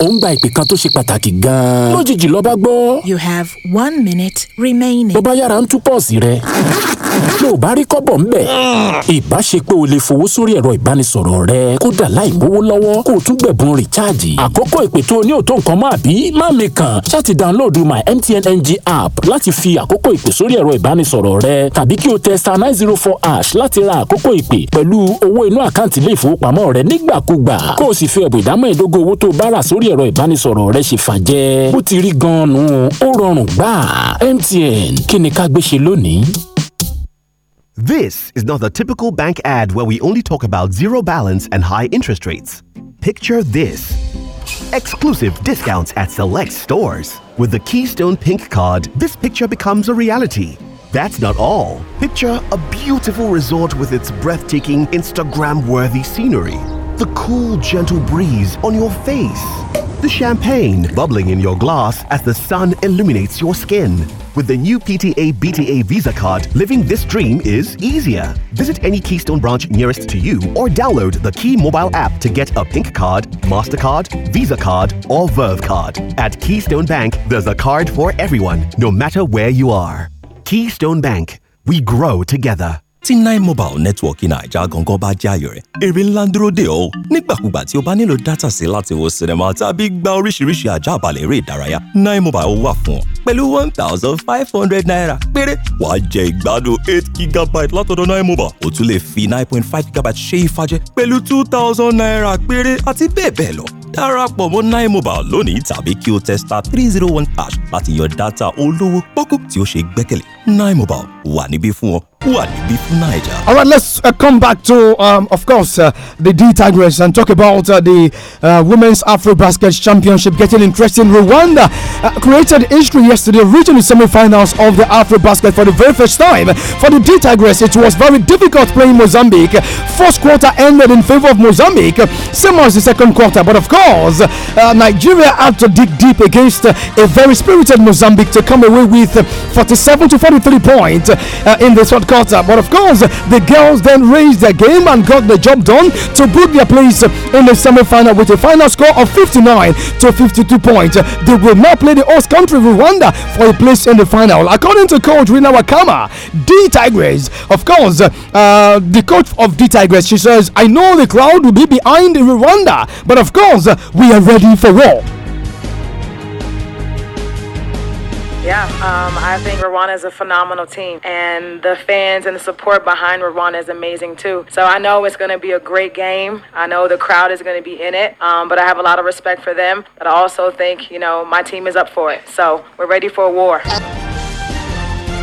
ó ń gba ìpè kan tó ṣe pàtàkì gan-an. lójijì ló gbọ́. you have one minute remaining. ló bá yára ń tú pọ́ọ̀sì rẹ̀ ló bá rí kọ́bọ̀ ń bẹ̀. ìbá ṣe pé o lè fowó sórí ẹ̀rọ ìbánisọ̀rọ̀ rẹ kódà láì mówó lọ́wọ́ kó o tún gbẹ̀bùn rìchaàjì. àkókò ìpè tó o ní òtó nǹkan máa bí má mi kàn ṣáàtì dáńlóòdù my MTN NG app láti fi àkókò ìpè sórí ẹ̀rọ ìbánisọ̀rọ̀ rẹ tàbí kí o tẹ star nine zero four ash láti ra àkókò ìpè pẹ̀lú owó inú àkáǹtì ilé ìfowópamọ́ rẹ nígbàkúgbà kó o sì fi ẹ̀bùn ìdámọ̀ sórí ẹ̀rọ ìbánisọ̀rọ̀ rẹ ṣe fàjẹ́ bó ti rí gan-an ó rọrùn gbà MTN kí ni ká gbé ṣe lónìí. This is not the typical bank ad where we only talk about zero balance and high interest rates. Picture this exclusive discounts at select stores. With the Keystone Pink card, this picture becomes a reality. That's not all. Picture a beautiful resort with its breathtaking Instagram worthy scenery the cool, gentle breeze on your face, the champagne bubbling in your glass as the sun illuminates your skin. With the new PTA BTA Visa card, living this dream is easier. Visit any Keystone branch nearest to you or download the Key mobile app to get a pink card, MasterCard, Visa card, or Verve card. At Keystone Bank, there's a card for everyone, no matter where you are. Keystone Bank, we grow together. tí nine mobile nẹ́tíwọ̀kì naija gangan bá jẹ́ ayọ̀ rẹ̀ èrè ńlá ń dúró dè ọ́ nígbàkúgbà tí o bá nílò dátà sí láti wo sinimá tàbí gba oríṣiríṣi àjàbalẹ̀ eré ìdárayá nine mobile wà fún ọ pẹ̀lú one thousand five hundred naira péré wàá jẹ ìgbádùn eight gigabyte látọ̀dọ̀ nine mobile o tún lè fi nine point five gigabyte ṣe ìfàjẹ pẹ̀lú two thousand naira péré àti bẹ́ẹ̀ bẹ́ẹ̀ lọ darapọ̀ mọ́ nine mobile lónìí tàbí kí o tẹ star three zero one hash láti yan dátà olówó pọ́kú tí ó ṣe gbẹ́kẹ̀lé nine mobile wà níbí fún ọ wà níbí fún naija. all right let's uh, come back to um, of course uh, the D Tigers and talk about uh, the uh, women's Afro Basket Championship getting interesting. Rwanda uh, created history yesterday, reaching the semifinals of the Afro Basket for the very first time. For the D Tigers, it was very difficult playing Mozambique. First quarter ended in favor of Mozambique, same as the second quarter, but of course because uh, Nigeria had to dig deep against uh, a very spirited Mozambique to come away with uh, 47 to 43 points uh, in the third quarter. But of course, the girls then raised their game and got the job done to book their place in the semi final with a final score of 59 to 52 points. They will now play the host country Rwanda for a place in the final. According to coach Rina Wakama, D Tigers, of course, uh, the coach of D Tigers, she says, I know the crowd will be behind Rwanda, but of course, we are ready for war. Yeah, um, I think Rwanda is a phenomenal team, and the fans and the support behind Rwanda is amazing too. So I know it's going to be a great game. I know the crowd is going to be in it, um, but I have a lot of respect for them. But I also think, you know, my team is up for it. So we're ready for a war.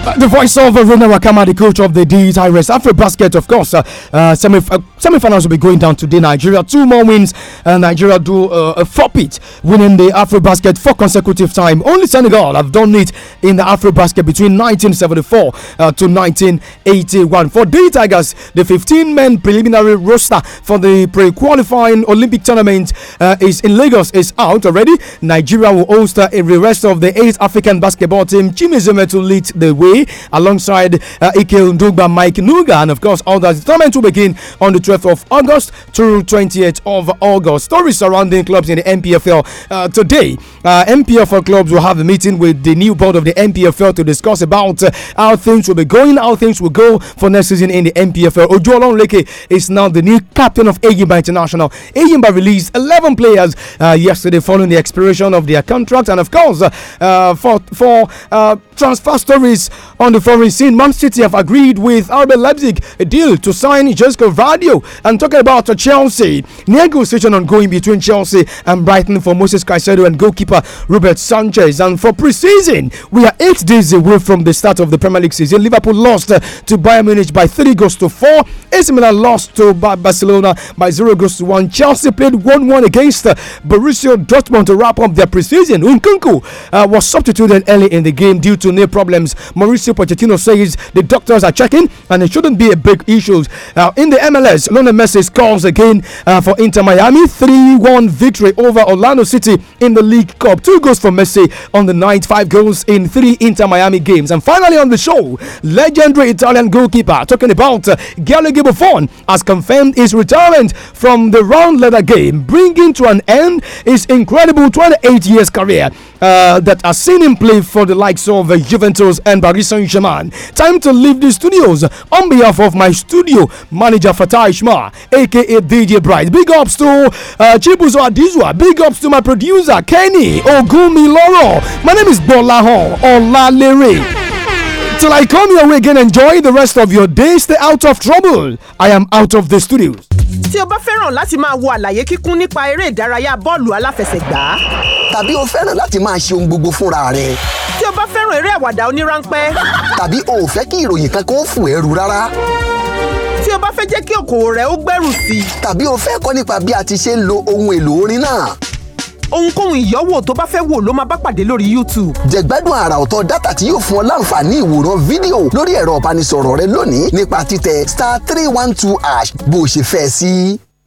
Uh, the voice of uh, Rakama, the coach of the D's Iris Afro Basket, of course. Uh, uh, uh, semifinals will be going down today. Nigeria, two more wins. Uh, Nigeria do uh, a forfeit, winning the Afro Basket for consecutive time. Only Senegal have done it in the Afro Basket between 1974 uh, to 1981. For the Tigers, the 15 men preliminary roster for the pre qualifying Olympic tournament uh, is in Lagos, is out already. Nigeria will host the rest of the eight African basketball team. Chimizeme to lead the way today alongside uh, Ikel Ndugba Mike Nuga. And of course, all those tournament will begin on the 12th of August through 28th of August. Stories surrounding clubs in the MPFL uh, today. Uh, MPFL clubs will have a meeting with the new board of the MPFL to discuss about uh, how things will be going, how things will go for next season in the MPFL. Ojolon Leke is now the new captain of Egimba International. Egimba released 11 players uh, yesterday following the expiration of their contract, and of course, uh, for for uh, transfer stories on the foreign scene, Man City have agreed with RB Leipzig a deal to sign Jessica Vadio. And talking about Chelsea, negotiation ongoing between Chelsea and Brighton for Moses Caicedo and goalkeeper Robert Sanchez. And for pre-season, we are eight days away from the start of the Premier League season. Liverpool lost uh, to Bayern Munich by three goals to four. AC Milan lost to Barcelona by zero goals to one. Chelsea played one-one against uh, Borussia Dortmund to wrap up their pre-season. Nkunku uh, was substituted early in the game due to knee problems. Mauricio Pochettino says the doctors are checking and it shouldn't be a big issue. Now in the MLS, Lionel Messi scores again uh, for Inter Miami. 3 1 victory over Orlando City in the League Cup. Two goals for Messi on the night, five goals in three Inter Miami games. And finally on the show, legendary Italian goalkeeper talking about uh, Gallagher Buffon has confirmed his retirement from the round leather game, bringing to an end his incredible 28 years career uh, that has seen him play for the likes of uh, Juventus and Paris Time to leave the studios on behalf of my studio manager Fatah Ishma, aka DJ Bright. Big ups to uh, Chibuzo Adizwa. Big ups to my producer Kenny Ogumiloro. My name is Bola Hon Olalere. Till I come your way again, enjoy the rest of your day. Stay out of trouble. I am out of the studio. Tí o bá fẹ́ràn láti máa wo àlàyé kíkún nípa eré ìdárayá bọ́ọ̀lù aláfẹsẹ̀gbá. Tàbí o fẹ́ràn láti máa ṣe ohun gbogbo fúnra rẹ̀. Tí o bá fẹ́ràn eré àwàdà oníránpẹ́. Tàbí o ò fẹ́ kí ìròyìn kan kó fò ẹrù rárá tí o bá fẹ́ jẹ́ kí okòwò rẹ ó gbèrú sí tàbí o fẹ́ kọ́ nípa bí a ti ṣe ń lo ohun èlò orin náà ohunkóhun ìyọ́wò tó bá fẹ́ wò ló máa bá pàdé lórí YouTube. jẹ̀gbádùn àrà ọ̀tọ̀ dátà tí yóò fún ọ láǹfààní ìwòran fídíò lórí ẹ̀rọ ìbánisọ̀rọ̀ rẹ lónìí nípa títẹ star three one two hash bó o ṣe fẹ́ sí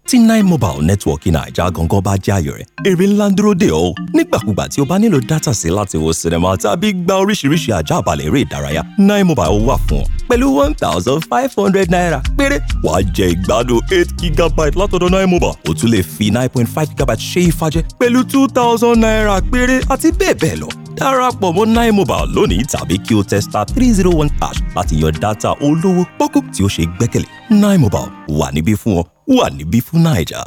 tí nine mobile network naija gangan bá jẹ́ àyò rẹ̀ èrè ńlá ń dúró dè ọ́ nígbàkúgbà tí o bá nílò dátà sí láti wo sinimá tàbí gba oríṣiríṣi àjààbálẹ̀ eré ìdárayá nine mobile wà fún ọ pẹ̀lú one thousand five hundred naira péré wàá jẹ ìgbádùn eight gigabyte látọ̀dọ̀ nine mobile o tún lè fi nine point five gigabyte ṣe ìfàjẹ pẹ̀lú two thousand naira péré àti bẹ́ẹ̀ bẹ́ẹ̀ lọ darapọ̀ mọ́ nine mobile lónìí tàbí kí o tẹ star three zero one hash láti yan dátà olówó pọ́kú tí o ṣe gbẹ́kẹ̀lé nine mobile wà níbí fún ọ uharibifu Niger.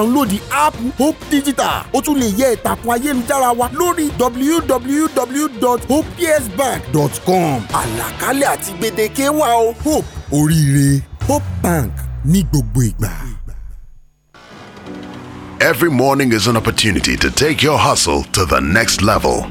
download app hope digital ó tún lè yẹ ìtàkùn ayélujára wa lórí www.hopesbank.com àlàkalẹ̀ àti gbèdéke wà o hope oríire hope bank ní gbogbo ìgbà. Every morning is an opportunity to take your hustle to the next level.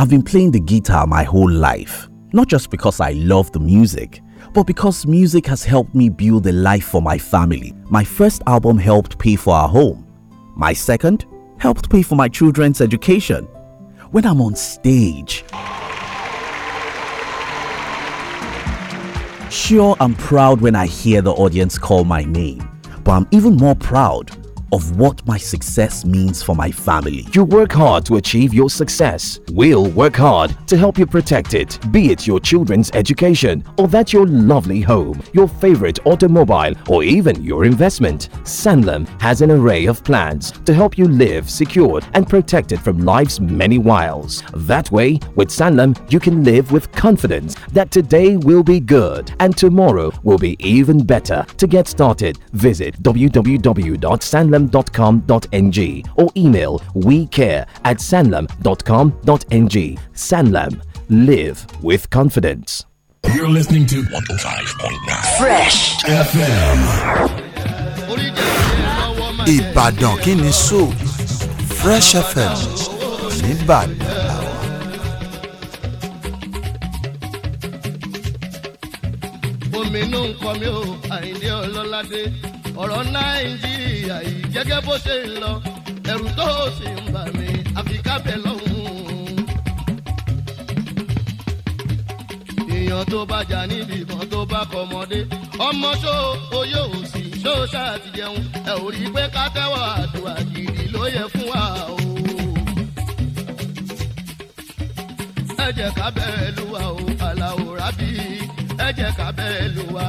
I've been playing the guitar my whole life, not just because I love the music, but because music has helped me build a life for my family. My first album helped pay for our home. My second helped pay for my children's education. When I'm on stage, sure, I'm proud when I hear the audience call my name, but I'm even more proud of what my success means for my family. You work hard to achieve your success. We'll work hard to help you protect it, be it your children's education or that your lovely home, your favorite automobile, or even your investment. Sanlam has an array of plans to help you live secured and protected from life's many wiles. That way, with Sanlam, you can live with confidence that today will be good and tomorrow will be even better. To get started, visit www.sanlam.com sanlam.com.ng or email we care at sanlam.com.ng. Sanlam. Live with confidence. You're listening to 105.9 Fresh FM. Ibadan Kini Soul. Fresh FM. Ibadan. omi inú ń kọ mi ò àìní ọlọ́ládé. ọ̀rọ̀ nàìjíríà yìí gẹ́gẹ́ bó ṣe ń lọ ẹ̀rù tó sì ń bà mí àfikà bẹ̀ lọ́hùn. èèyàn tó bá jà níbi ìbọn tó bá kọmọdé ọmọ ṣó oyè òsì ṣó ṣáàtì jẹun ẹ ò rí pé ká tẹ́wọ̀ àdúrà gidi ló yẹ fún wa o. ẹ jẹ́ ká bẹ̀rẹ̀ lu wa o àlàó rábì ẹ jẹ́ ká bẹ̀rẹ̀ lu wa.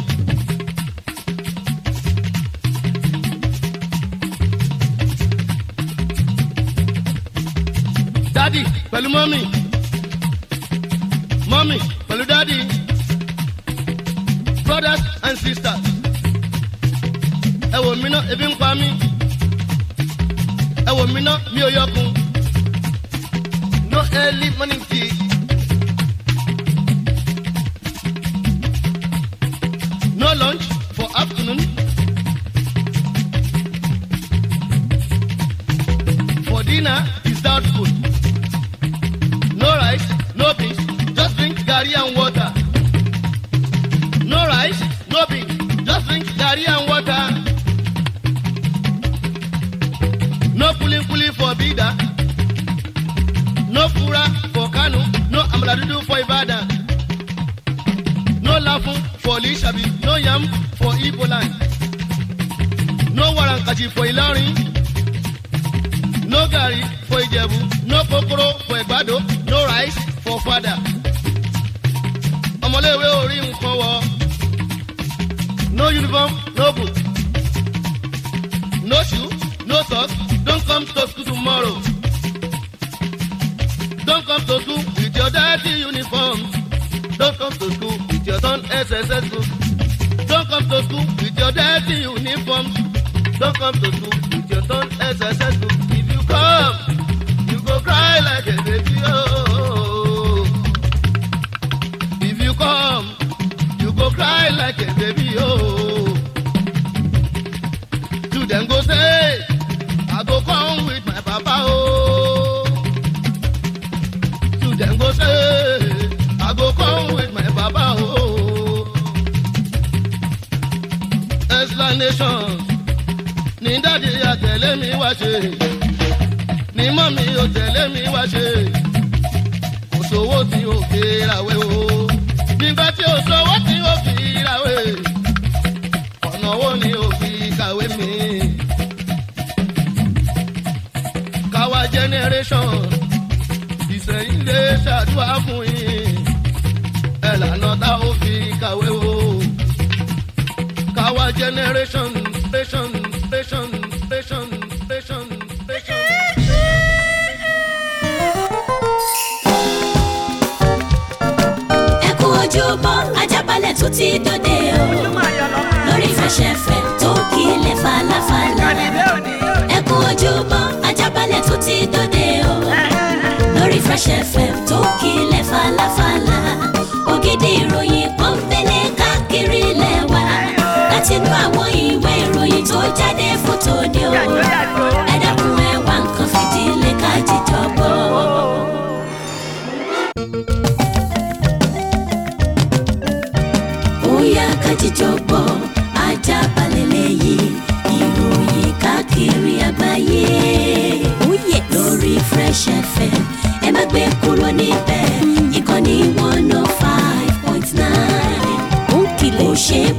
pẹ̀lú mọ́mì mọ́mì pẹ̀lú dáàdì brothers and sisters ẹ wò mí náà ebi ń pa mí ẹ wò mí náà mi ò yọkun no early morning tea. no boot no shoe no socks Don't come to school tomorrow Don't come to school with your dirty uniform Don't come to school with your torn sss book Don't come to school with your dirty uniform Don't come to school with your torn sss book if you come you go cry like a baby oh. ní dáàdi àtẹ̀lé mi wá ṣe ní mọ́mí ò tẹ̀lé mi wá ṣe kò sówó tí ò fi o nígbà tí ò sówó tí ò fi ràwé ọ̀nà wo ni o fi kàwé mi. káwa generation ìsẹ̀yìn lè ṣàdúrà fún yín ẹ̀ lànà tá ò fi kàwé o. Kawa generation, generation balẹ̀ tó ti dòde o. lórí fẹsẹ̀fẹ̀ tó kílẹ̀ falafala. ẹ kú ojúmọ́ ajábalẹ̀ tó ti dòde o. lórí fẹsẹ̀fẹ̀ falafala. ògidì ìròyìn kan fẹ́lẹ̀ káàkiri látinú àwọn ìwé ìròyìn tó jáde fún tòde o ẹ dákun ẹ wá nǹkan fìdílé ká jíjọ gbọ́. bóyá ká jíjọ gbọ́ ajá balẹ̀ lẹ́yìn ìròyìn káàkiri àgbáyé oh, lórí Fresh FM ẹ má gbé kúrò níbẹ̀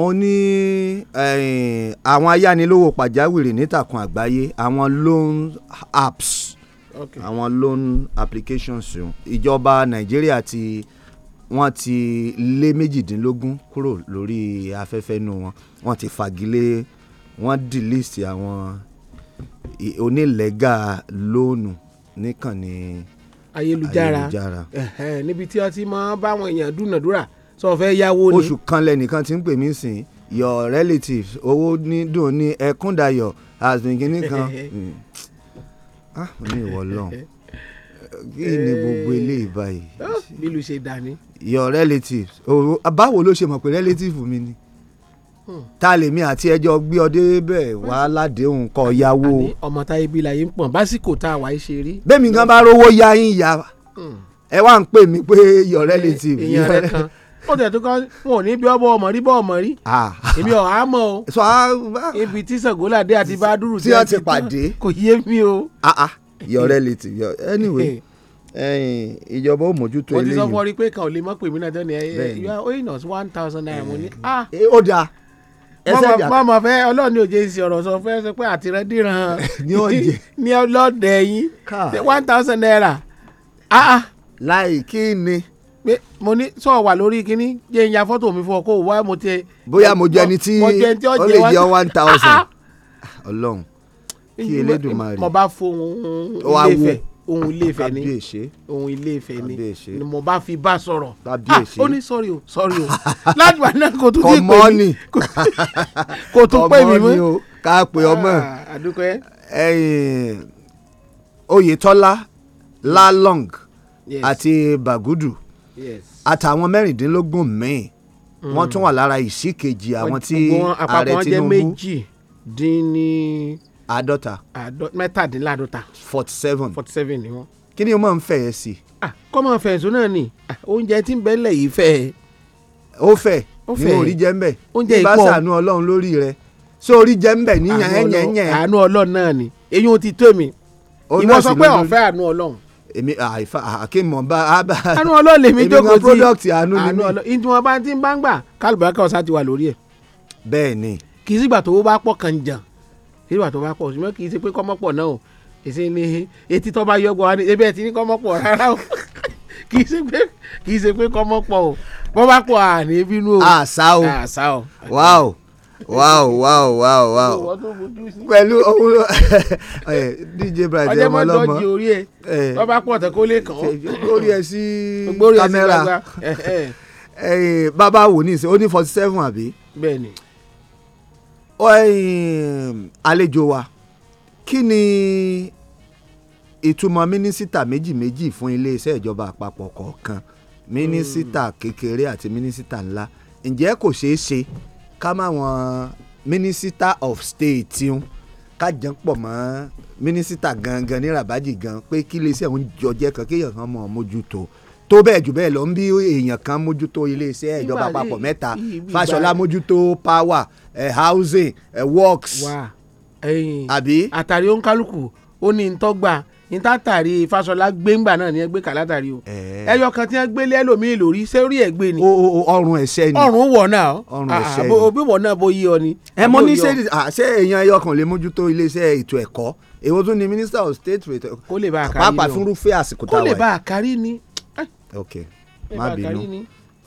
àwọn oní àwọn ayánilówó pàjáwìrì nítakùn àgbáyé àwọn loan apps àwọn okay. loan applications ìjọba nàìjíríà ti wọ́n ti lé méjìdínlógún kúrò lórí afẹ́fẹ́ inú wọn wọ́n ti fagilé wọ́n delist àwọn onílẹ̀gà lóònù níkànnì ayélujára níbi tí wọ́n ti máa bá àwọn èèyàn dúnàdúrà sọ fẹ́ yáwó ni. oṣù kan lẹ́nìkan ti ń pè mí sìn your relatives owó ní dùn ní ẹkúndayọ̀ àzùnkínní kan ah mi wọ lọ́n kí ni gbogbo eléyìí báyìí. Ah, bílù ṣe dà your relatives báwo ló ṣe mọ̀ pé relatives mi ni hmm. ta lèmi àti ẹjọ́ gbé ọdẹ bẹ́ẹ̀ wá ládéhùn kọ yáwó. ọmọ táyé bí la yìí ń pọ̀n básìkò tá a wà í ṣe rí. bẹ́ẹ̀ mi gan bá rówó ya yín ya hmm. ẹ wá ń pè mí pé your eh, relatives. ìyẹn rẹ kan ọ̀tẹ̀ tó kọ́ wọn ò ní bí ọbọ̀ ọmọ rí bọ́ ọmọ rí èmi ọ̀ á mọ̀ o ah, ah. ibi tí sàgólàdé àti bàdúrù tí a ti pàdé kò yé mi o. Ah, your relative your anyway eh. ìjọba ò mójútó eléyìí. mo ti sọ fún ọ rí pé kan ò lè mọ pé mi náà tẹ́lẹ̀ ẹ yọ oyin náà one thousand naira mo ní. Eh. Eh, ó dáa ẹsẹ̀ ìjà mọ̀ mọ̀ fẹ́ ọlọ́ọ̀ni òjè ìsìn ọ̀rọ̀ sọ fẹ́ sọ pé àtìrẹ́dìran ní ọ̀jẹ̀ ní ọlọ́ọ̀dẹ̀ yín one thousand naira. láì kí ni pé mo ní sọ wà lórí kínní jẹ́ ìyá fọ́tò mi fún ọ kó wá mo tẹ. bóyá mo jẹ ẹni tí ó lè jẹ one thousand ọlọ́run kí elédùnmarè. mo bá fo ohun ilé ìfẹ́ ohun ilé ìfẹ́ ni ohun ilé ìfẹ́ ni ni mo bá fi bá sọ̀rọ̀ ah ó ní sọrí o sọrí o láti wà náà kò tún ti pè mí kò tún pè mí mọ́ ká pè ah, ọmọ Oyètọ́lá Lalong àti Bàgúdù. Yeah àtàwọn mẹ́rìndínlógún míì wọ́n tún wà lára ìsíkejì àwọn tí ààrẹ Tinubu dín ní. àádọ́ta. mẹ́tàdínláàdọ́ta. forty seven. forty seven ni wọ́n. kí ni o máa ń fẹ̀ ẹ́ sí. kọ́ máa fẹ̀ ẹ̀sùn ni oúnjẹ tí ń bẹ́lẹ̀ yìí fẹ́ ẹ. ó fẹ̀ ní orí jẹ́ ń bẹ̀ bí bá ṣàánú ọlọ́run lórí rẹ̀ ṣé orí jẹ́ ń bẹ̀ níyàn ẹ̀yẹ̀ àánú ọlọ́run náà ni eyín ó ti tó mi ìwọ sọ pé ọ̀fẹ́ àánú ọlọ́run èmi àìfà àkímọ̀ bá a bá. àánú ọlọ́ọ̀lẹ̀ mi jókòó tí èmi kan product àánú ni mí. ìtumọ̀ bá ti ń bá ń gbà kálùbákà ọ̀sá ti wà lórí ẹ̀. bẹ́ẹ̀ ni. kì í sígbà tó bá pọ̀ kàn jàn kì í sígbà tó bá pọ̀ ṣùgbọ́n kì í ṣe pé kọ́mọ́pọ̀ náà o èsì ni etí tó bá yọgbọ wa ni ebi ẹ ti ní kọ́mọ́pọ̀ rárá o kì í ṣe pé kì í o bọ́ bá pọ̀ àní bínú o. àṣà o àṣà o wow wow wow wow pẹ̀lú owó eh, dj bright ọmọ ọlọ́mọ ọjọ́ mọ́tò orí ẹ̀ bàbá eh. pọ̀ tẹ́ kó lè kàn án gbórí ẹ̀ sí kámẹ́rà eh, bàbá wò ní ìsìn ó ní forty seven àbí. bẹ́ẹ̀ni. àlejò wa kí ni ìtumọ̀ mínísítà méjì méjì fún iléeṣẹ́ ìjọba àpapọ̀ kọ̀ọ̀kan mínísítà hmm. kékeré àti mínísítà ńlá ǹjẹ́ kò ṣeé ṣe. Mm ká má wọn minister of state ń ká jẹun pọ̀ mọ́ minister gangan ní rabaji gan pé kí iléeṣẹ́ òun jọjẹ́ kan kéèyàn kan mọ̀ mójútó tó bẹ́ẹ̀ jù bẹ́ẹ̀ lọ ń bí èèyàn kan mójútó iléeṣẹ́ ìjọba àpapọ̀ mẹ́ta Fáṣọlá mójútó power eh, housing eh, works àbí. àtàrí òǹkálùkù ó ní ń tọ́gbà nítàtàrí Fáṣọlá gbéǹgbà náà ni ẹ gbé kà látàrí o ẹyọ kan tí wọ́n gbé lé ẹlòmíì lórí ṣé orí ẹ̀ gbé ni. ọrùn ẹ̀ṣẹ̀ ni ọrùn wọ̀ náà ọrùn ẹ̀ṣẹ̀ ah, ah, ni òbí wọ̀ náà bó yí ọ ni. ẹ mọ ní ṣé èèyàn ẹyọ kan lè mójútó iléeṣẹ́ ètò ẹ̀kọ́ èwo tún ni minister of state for ètò ẹ̀kọ́ pàápàá fúnrúfẹ́ àsìkò táwa yìí kó lè bá a kárí ni. ok má bínú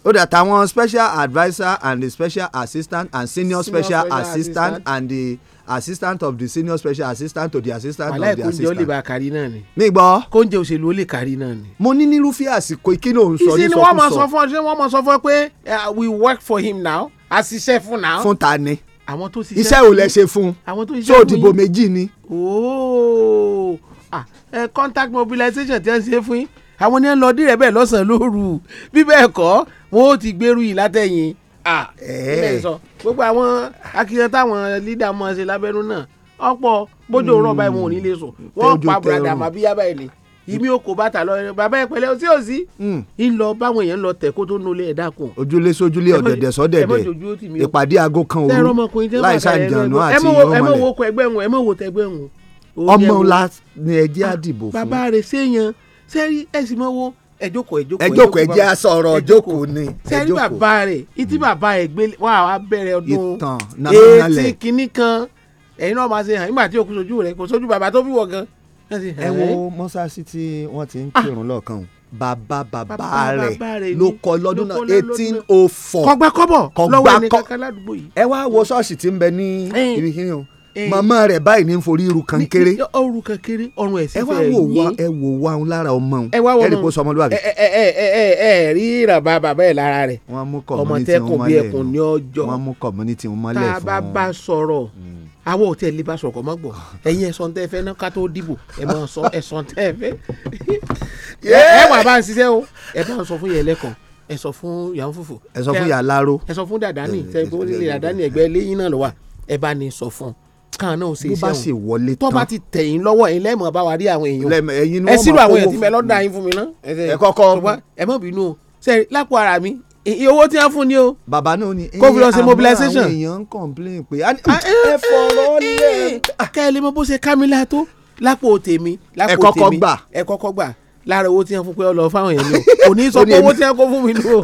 ó dà táwọn special adviser and the special assistant and senior, senior special, assistant, assistant and the assistant of the senior special assistant to the assistant Malay of the assistant. wàhálà ìkóúnjẹ ó lè bá a kárí náà ni. mi gbọ́. kóúnjẹ òṣèlú ó lè kárí náà ni. mo ní nírúfẹ́ àsìkò kí ló ń sọ ní sọkúsọ. ìsìn ni wọ́n mọ̀ sọ fún ọ pé eh, we work for him now a ṣiṣẹ́ fún now. fún ta ni. àwọn tó ṣiṣẹ́ iṣẹ́ ò lẹ ṣe fún. àwọn tó ṣiṣẹ́ fún yín. tó méjì ni. ooo ah eh, contact mobilization ti ń ṣe fún yín àwọn ní ẹ lọ dírẹ bẹ́ẹ̀ lọ́sàn-án lóru bí bẹ́ẹ̀ kọ́ wọn ó ti gbèrú yìí látẹ̀yìn ẹ sọ gbogbo àwọn akíyan táwọn lídà mọ ṣe lábẹ́nú náà ọ̀pọ̀ bójú òwúrọ̀ báyìí wọn ò ní lè sùn wọn pa bùrọ̀dà àmàbíyá báyìí ni ìmí o kò bàtà lọ bàbá ẹ pẹ̀lẹ́ o sí o sí. ń lọ báwọn èèyàn lọ tẹ kó tó nulẹ̀ ẹ̀ dákun. ojúlé sójúlé ọ̀dẹ̀dẹ̀ sọ́dẹ̀dẹ̀ ìpàdé aago kan òru láìsá ìjànú àti ìyọ́mọlẹ̀. ẹ mọ̀ wo kọ ẹgbẹ́ wọn ẹ mọ̀ wo tẹgbẹ́ wọn. ọmọ ńlá ni ẹ jẹ́ àdìbò ah, fún. bàbá rẹ̀ séèyàn sẹ́rí ẹ sì mọ́ wo ẹjoko ẹjoko ẹjoko ẹjẹ asọrọ ọjoko ni ẹjoko sẹ́rí bàbá rẹ̀ ìtí hmm. bàbá rẹ̀ gbé wà á bẹ̀rẹ̀ ọdún etí kínní kan ẹ̀yin náà máa ṣe hàn nígbà tí òkú sojú rẹ̀ kò sojú bàbá tó bí wọ̀ gan. ẹ wo mọ́sáàsì tí wọ́n ti ń ah! kírun lọ́ọ̀kan o bàbá bàbá rẹ̀ ló kọ lọ́dún náà eighteen oh four kọgbà kọ́bọ̀ lọ́wọ́ ẹni kankan ládùúgbò yìí. ẹ wá wo ṣọ́ọ̀ṣì tí ń bẹ ní ibi kí ni o Eh. màmá rẹ̀ báyìí ní forí irú kan kéré. ọrùn kan kéré ọrùn ẹ̀ sì fẹ́ yé. ẹ wá wò wá ẹ wò wá òun lára ọmọ òun. ẹ wá wọ́n ẹ rí kó sọmọ lóàbí. ẹ ẹ ẹ ẹ ẹ rí ìràbà bàbá ẹ lára rẹ̀. wọ́n mú community wọn mọ́lẹ̀ nù wọ́n mú community wọn mọ́lẹ̀ fún wọn. tá a bá bá sọ̀rọ̀ hmm. àwọn ò tẹ lè bá sọ̀rọ̀ kọ́ mọ́ gbọ́ ah. ẹ̀yin ẹ̀sán tẹ́ fẹ́ náà ká tó dìbò ẹ̀ mọ̀ sọ ẹ̀sán tẹ́ fẹ́. ẹ wà bá ń ṣiṣẹ́ o ẹ bá ń sọ fún yẹn lẹ́kọ̀ọ́ ẹ sọ fún yàrá fùfù. ẹ sọ fún yàrá láró. ẹ sọ fún dàdánì eh, tẹ eh, ẹgbẹ́ lẹ́yìn náà lọ wà ẹ bá ní sọ fún un kan náà ṣe iṣẹ́ òun tó bá ti tẹ̀yìn lọ́wọ́ ẹ̀yin lẹ́mọ̀ bá wa rí àwọn èèyàn ẹ sírò àwọn èèyàn tí mẹ lọ́dọ̀ àyín fún mi ná. ẹ kọ́kọ́ ẹ mọ̀ bínú o sẹ́yìn lápò ara mi iye owó tí wọ́n fún ni o. bàbá náà ni kó fi lọ sí mobilization. àwọn èèyàn ń complain pé ah, ẹ eh, fọ̀rọ̀ eh, lẹ̀. Eh, kẹ́lẹ́ mo bó ṣe kámílà tó lápò tèmi lápò tèmi ẹ kọ́kọ́ gbà lára owó tí wọn fún pé ọ lọ fáwọn èèyàn ni o kò ní sọ pé owó tí wọn kó fún mi ni o.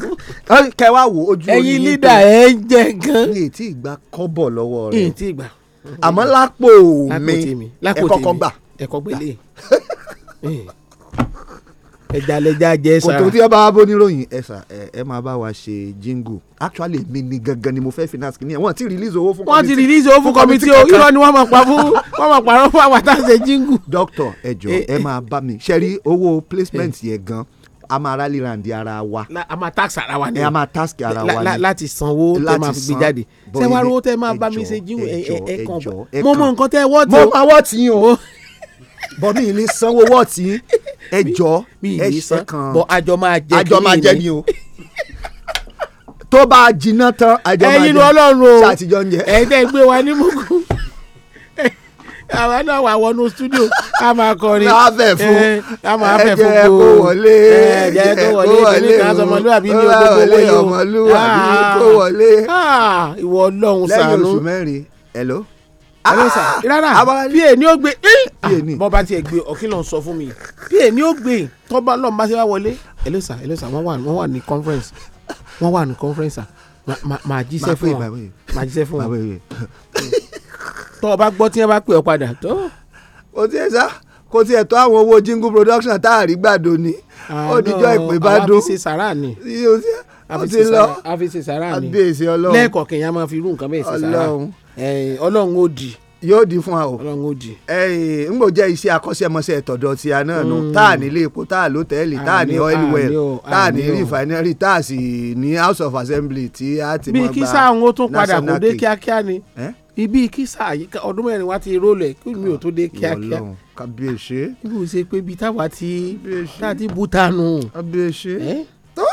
kẹwàá wo ojú oyin ní pé ẹyin lídà ẹ ń jẹ gan. ní ètí ìgbà kọ́bọ̀ lọ́wọ́ rẹ. ètí ìgbà àmọ́ lápò mi ẹ̀kọ́ kan gbà. ẹ̀kọ́ gbélé eh. ẹja lẹja jẹ sá. kòtò tí ẹ bá bó níròyìn ẹ sà ẹ máa bá wa ṣe jingle actually mi ni gangan ni mo fẹ́ finance kìíní ẹ̀ wọ́n ti release owó fún committee. wọ́n ti release owó fún committee o irọ́ ni wọ́n máa pa fún wọ́n máa pààrọ̀ fún àwọn àtàwọn ṣe jingle. doctor ẹ jọ̀ọ́ eh, ẹ eh. máa bá mi ṣe rí owó placement yẹn gan a máa rally round ara wa. a máa tax ara wa ni. a máa tax ara wa ni. láti sanwó tó máa fi gbé jáde ṣé wàá rówó tẹ máa bá mi ṣe jíwò ẹ kàn bọ mo mọ nǹkan tẹ wọ́ọ̀tì o mo máa wọ́ọ̀tì yín o bọ́ mi ní sanwó wọ́ọ̀tì ẹ jọ ẹ ṣe kan bọ́ àjọ máa jẹ mi o tó bá jiná tán àjọ máa jẹ ẹyin ọlọ́run o ṣàtijọ́ ń jẹ ẹ̀ẹ́dẹ́gbẹ́ wa ní mùkún àwa náà wà wọnú studio a máa kọrin láàbẹ̀ eh, a máa bẹ̀ fún kó wọlé eh, ẹ̀jẹ̀ kó wọlé ìdílé kan sọ ọmọlúwàbí ní ogbogbo wọlé ọmọlúwàbí kó ah, wọlé. Ah, ìwọ ọlọ́run ṣàánú lẹ́yìn oṣù mẹ́rin ẹ̀ ah, rárá pa ni ó gbé eh, bọ́ bá tiẹ̀ gbé ọ̀kìn sọ fún mi pa ni ó gbé tọ́ba lọ́n bá ṣe wá wọlé ẹlẹ́sà ẹlẹ́sà wọ́n wà ní conference wọ́n wà ní conference máa jíṣẹ́ fún wọn máa jíṣẹ́ fún wọn tó o bá gbọ́ tí wọ́n bá pè ọ́ padà tó. kò tiẹ̀ sá kò tiẹ̀ tó àwọn owó jingle production tá a rí gbàdo ni ó dijọ́ ìpè bá dún. àwọn àfisè sàrà ni àfisè sàrà ni lẹ́ẹ̀kọ̀ kẹ̀yìn a máa fi irú nǹkan bẹ́ẹ̀ sí sàrà ọlọ́run ó di yóò di fún wa o ọlọ́run ó di. n kò jẹ́ iṣẹ́ akọ́ṣẹ́mọṣẹ́ tọ̀dọ̀ tí a náà mm. tá a nílé epo tá a lọ́tẹ̀ẹ̀lì tá a ní oil well tá a ní refinery tá a sì ní house of assembly tí a ti máa gba national cake. bí kí sáà ń wo tún padà kó dé kíákíá ni ibi kisa ọdún mẹ́rin wa ti rólù ẹ̀ kí mi ò tó dé kíákíá kàbíyèsé ibi ò ṣe pé ibi táwa ti táà ti kàbíyèsé tó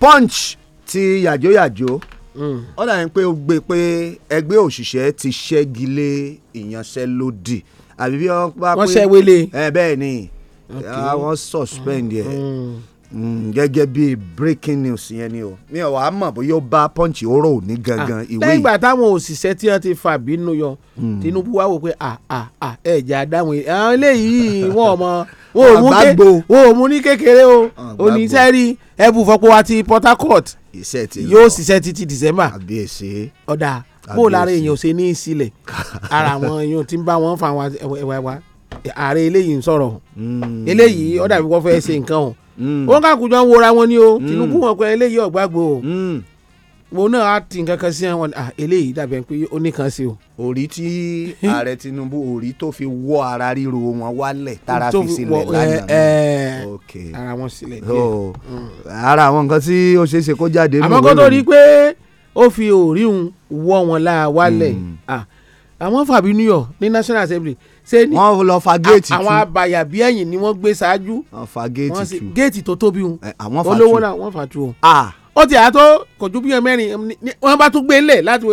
punch ti yàjóyàjó mm. ó dà ní pé ó gbé pé ẹgbẹ́ òṣìṣẹ́ ti ṣẹ́gi lé ìyanṣẹ́lódì àbí bí wọ́n bá pé wọ́n ṣẹ́wélé bẹ́ẹ̀ ni wọ́n suspend yẹ. Mm, gẹ́gẹ́ bí breaking news yẹn ni o mi ò wá mọ̀ bóyá ó bá punch oró òní gangan ah, ìwé yìí. lẹ́yìn ìgbà táwọn òṣìṣẹ́ tí wọ́n ti fà bínú yọ hmm. Tinubu wá wò pé à à à ẹ̀jẹ̀ àdáwọn àwọn eléyìí wọn mọ wọn ò mú ní kékeré o oníṣẹ́rí ẹ̀bù fọpọ̀ àti Port Harcourt yóò ṣiṣẹ́ títí December ọ̀dà bó lára èèyàn ò ṣe ní í sílẹ̀ ara àwọn èèyàn ti ń bá wọn fa àwọn ẹ̀wà ẹ̀wà ààrẹ eléyìí ń sọ̀rọ̀ hmm. eléyìí ọ̀dà bí wọ́n fẹ́ ṣe nǹkan o Mm. wọn kà ń wora wọn ni o mm. Tinubu wọn kọ eléyìí ọgbàgbọ o wọn mm. náà á ti nǹkan kan sí àwọn ah eléyìí dàbẹ̀ pé ó ní sí o. òrí tí ààrẹ Tinubu òrí tó fi wọ ara ríro wọn wálẹ̀ tára fi sílẹ̀ lánàá eh, eh, ara wọn sílẹ̀ oh. díẹ̀. ara àwọn nǹkan tí ó ṣeé ṣe kó jáde nínú àmọ́ kó tó rí i pé ó fi òrí wọ wọn lára wálẹ̀ ah, àwọn fàbínú yọ ní National Assembly ṣé ni wọ́n lọ fa géètì tu àwọn abàyà bí ẹ̀yìn ni wọ́n gbé ṣáájú wọ́n fa géètì tu géètì tó tóbi wọn olówó náà wọ́n fà tu o ó ti àtọ́ kọ̀jú bíi mẹ́rin wọ́n bá tún gbé lẹ̀ láti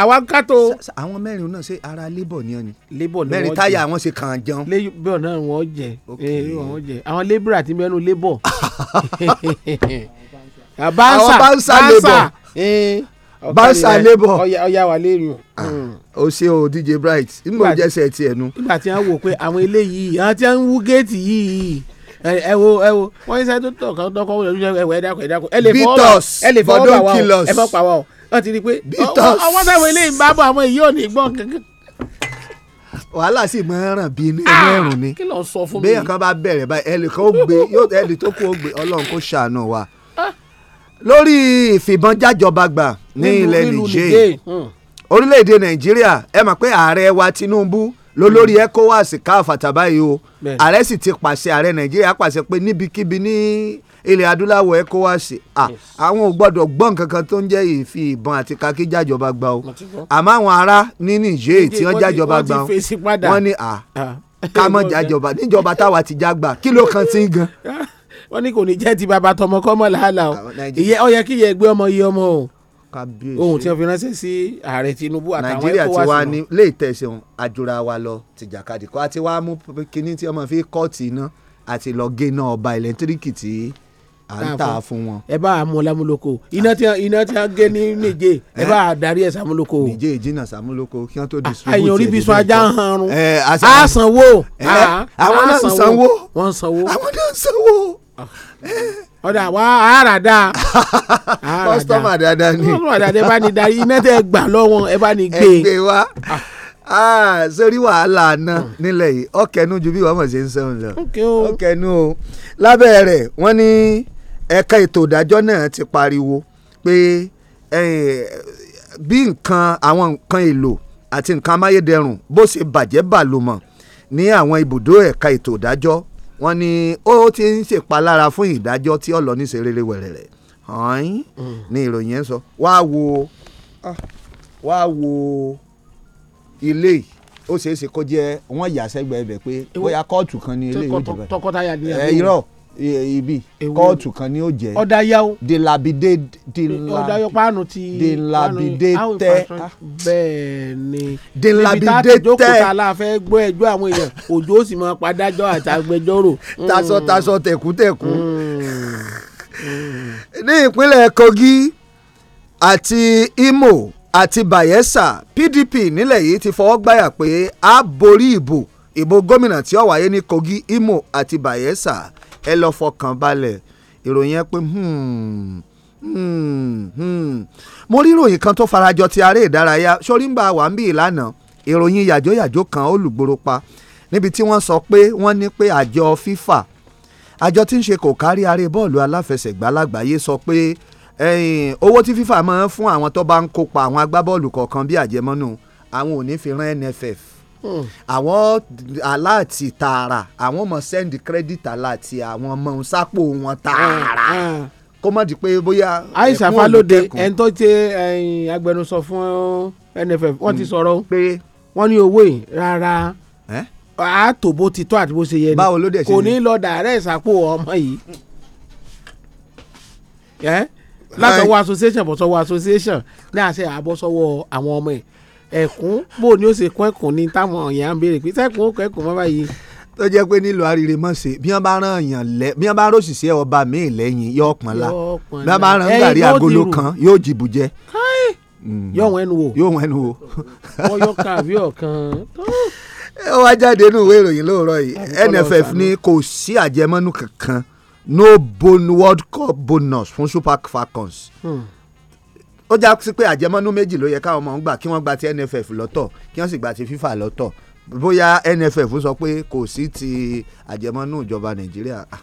àwa ká tó. àwọn mẹ́rin náà ṣe ara labour ni ọ ni. labour ni wọ́n jẹ mẹ́rin táyà wọn ṣe kàn jẹun. labour náà wọ́n jẹ wọ́n jẹ àwọn labour àti mẹ́nu labour. àbánsà labour bánsà labour. ọ̀yà wà lérè o. o ah, hmm. ṣe o DJ Bright nígbà tó jẹ́sẹ̀ tiẹ̀ nu. nígbà tí wọ́n wò pé àwọn eléyìí àwọn tí wọ́n wú géètì yìí ẹ wo ẹ wo wọ́n ṣe tó tọ̀ kọ́ tọ́kọ́ wọlé ẹ wọ ẹ dákọ̀ ẹ dákọ̀ ẹ lè fọwọ́ bá ẹ lè fọwọ́ bá wa o ẹ fọ́ pa wa o wọ́n ti rí i pé ọwọ́ sáwọn eléyìí ń bá bọ̀ àwọn èyí ò ní gbọ́n kankan wàhálà sì máa ń ràn bíi inú ah! ẹ̀rùn ni bẹ́ẹ̀ kan bá bẹ̀rẹ̀ báyìí ẹnì kan ó gbé ẹnì tó kù ó gbé ọlọ́run kó ṣàánú wa ah! lórí ìfìbọn jájọba gbà ní ilẹ̀ Niger hmm. orílẹ̀-èdè Nàìjíríà ẹ mọ̀ pé ààrẹ wa Tinubu lólórí hmm. ECOWAS káf àtàbáyé o ààrẹ sì ti pàṣẹ ààrẹ Nàìjíríà pàṣẹ pé níbikíbi ní ilẹ̀ adúláwọ̀ ECOWAS àwọn ò gbọ́dọ̀ gbọ́ nǹkan kan tó ń jẹ́ ìfi ìbọn àti kakí jájọba gbà o àmọ́ àwọn ará ní Niger tí wọ́n jájọba gbà wọ́n ní à ká mọ̀ jájọba níjọba táwa ti já gbà kí ló kan sí gan. wọ́n ní kò ní jẹ́ ti bàbá tọmọ làálàá o ìyẹ́ ọ̀yẹ́ kí yẹ gbé ọmọ yìí ọmọ o ohun tí wọ́n fi ránṣẹ́ sí ààrẹ Tinubu àtàwọn ẹ̀kọ́ wá sí wọn. Nàìjíríà ti wá ní lè tẹ̀sán àjùra wa lọ tìjàkadì kọ́ àti wàá mú kinní tí ọmọ fi kọ́ọ̀tì iná àti lọ gé iná ọba ẹ̀lẹ́tíríkì tí à ń tà fún wọn. ẹ bá àmúlámúlòkó iná tí iná tí wọ́n gé ní Níjẹ̀ ẹ bá àdarí ẹ̀ sàmúlòkó. Níjẹ̀ ìjìnà sàmúlòkó kí wọ́n tó distribute ẹ̀. àyàn orí bí sọ ajá ń hanrun. a sanwó. àwọn náà ń sanwó. wọ́n ah. ń sanwó. àwọn náà ń sanwó ọ̀dà wa ara da. kọ́sítọ́mà dáadáa ni. kọ́sítọ́mà dáadáa ẹ bá ní darí iná tẹ́ gbà lọ́wọ́ ẹ bá ní gbé. ẹ wa sórí wàhálà àná hmm. nílẹ̀ yìí ọ̀kẹ́nu ju bí wàá mọ̀ ṣe ń sẹ́wọ̀n lọ. ọ̀kẹ́nu o lábẹ́ rẹ̀ wọ́n ní ẹ̀ka ètò ìdájọ́ náà ti pariwo pé bí nǹkan àwọn nǹkan èlò àti nǹkan amáyédẹrùn bó ṣe bàjẹ́ bàlùmọ̀ ní àwọn ibùdó ẹ̀ka ètò ìdájọ́ wọ́n ní ó ti ń ṣèpalára fún ìdájọ́ tí ó lọ ní ṣe rere wẹ̀rẹ̀rẹ̀ hàn ní ìròyìn yẹn sọ wá wo ah, wá wo ilé yìí ó ṣeé ṣe kó jẹ́ wọ́n yà sẹ́gbẹ̀ẹ́ bẹ̀ pé bóyá kóòtù kan ní ilé ìwé ìjọba tọkọtaya ni àbí irọ́ ibi kóòtù kan ni ó jẹ́ ọ̀dàyàwó dilabide dilabide dilabide tẹ bẹ́ẹ̀ni dilabide tẹ aláfẹ gbọ́ ẹjọ́ àwọn èèyàn òjò ó sì máa padájọ́ àti agbẹjọ́rò. Hmm. tasọ tasọ tẹkútẹkú hmm. hmm. ní ìpínlẹ̀ Kogi àti Imo àti Bayelsa PDP nílẹ̀ yìí ti fọwọ́ gbáyà pé a borí ìbò ìbò gómìnà tí ó wáyé ní Kogi Imo àti Bayelsa ẹ lọ fọkàn balẹ̀ ìròyìn ẹ pé hmm, hmm, hmm. mo rí ìròyìn kan tó farajọ ti aré ìdárayá sórí ń bá wà ń bí ìlànà ìròyìn yàjóyàjó kan olùgbòrò pa níbi tí wọ́n sọ pé wọ́n ní pé àjọ FIFA àjọ tí ń ṣe kò kárí aré bọ́ọ̀lù aláfẹsẹ̀gbá lágbàáyé sọ pé owó tí FIFA máa ń fún àwọn tó bá ń kópa àwọn agbábọ́ọ̀lù kọ̀ọ̀kan bí àjẹmọ́nú àwọn ò ní fi rán NFF àwọn aláàtì tààrà àwọn ọmọ send credit aláàtì àwọn ọmọ sápò wọn tààrà ah, ah. kó má di pé bóyá. Eh, àìsàn falóde ẹni tó ṣe eh, agbẹnusọ fún NFF wọ́n ti hmm. sọ̀rọ̀ pé wọ́n ní owó yìí rárá eh? a tò bó ti tọ́ àti bó ṣe yẹ ni kò ní lọ dàrẹ́ ìsàpò ọmọ yìí látọwọ́ association bọ̀sọ̀wọ́ association ní àṣẹ àbọ̀sọ̀wọ́ àwọn ọmọ yìí ẹ̀kún bò ni ó ṣe kún ẹ̀kún ní táwọn èèyàn ń béèrè pé sẹ́kùn ó kẹ́kùn mọ́ báyìí. tó jẹ́ pé nílò àríire mọ̀ ṣe bí wọ́n bá rán èèyàn lẹ bí wọ́n bá rán òṣìṣẹ́ ọba míì lẹ́yìn yóò pọ́n la bí wọ́n bá rán gàrí agolo kan yóò jìbù jẹ. Mm. yóò wọn ẹnu wò. yóò wọn ẹnu wò. wọ́n yọ kàbí ọ̀kan. ó wá jáde nínú ìwé ìròyìn lóòrọ̀ yìí NFF ní kò sí àjẹmọ́nú kankan no bon world cup bonus fún super falcons. Hmm ó já sí pé àjẹmọ́nú méjì ló yẹ káwọn ọmọ ń gbà kí wọ́n gba ti NFF lọ́tọ̀ kí wọ́n sì gba ti FIFA lọ́tọ̀ bóyá NFF sọ pé kò sí ti àjẹmọ́nú ìjọba Nàìjíríà ah,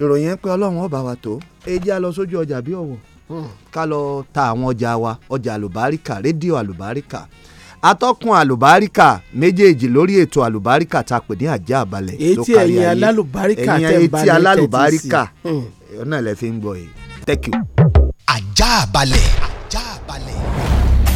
ìròyìn ẹ pé Ọlọ́run ọba wa tó ẹ jẹ́ a lọ sójú ọjà bí ọ̀wọ̀ hmm. ká lọ ta àwọn ọjà wa ọjà àlùbáríkà rédíò àlùbáríkà atọ́kùn àlùbáríkà méjèèjì lórí ètò àlùbáríkà ta pè ní àjà àbálẹ̀ ló kárí ayé ẹ̀yìn alálùbáríkà tẹ̀ ń balẹ̀ tẹ̀ ti sí hmm. ọ̀nà ẹ̀ lẹ́ yìí thank you. àjà àbálẹ̀. balẹ̀.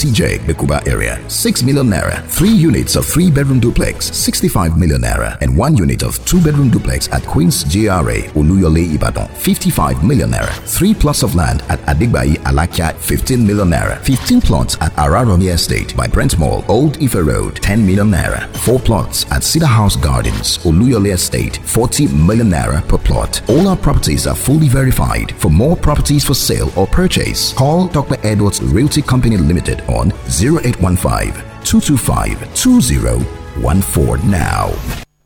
CJ, Bekuba area. 6 million naira. 3 units of 3 bedroom duplex, 65 million naira. And 1 unit of 2 bedroom duplex at Queen's GRA, Oluyole, Ibadan, 55 million naira. 3 plots of land at Adigbai, Alakia, 15 million naira. 15 plots at Araromi Estate by Brent Mall, Old Ife Road, 10 million naira. 4 plots at Cedar House Gardens, Oluyole Estate, 40 million naira per plot. All our properties are fully verified. For more properties for sale or purchase, call Dr. Edwards Realty Company Limited on 0815 225 2014 now.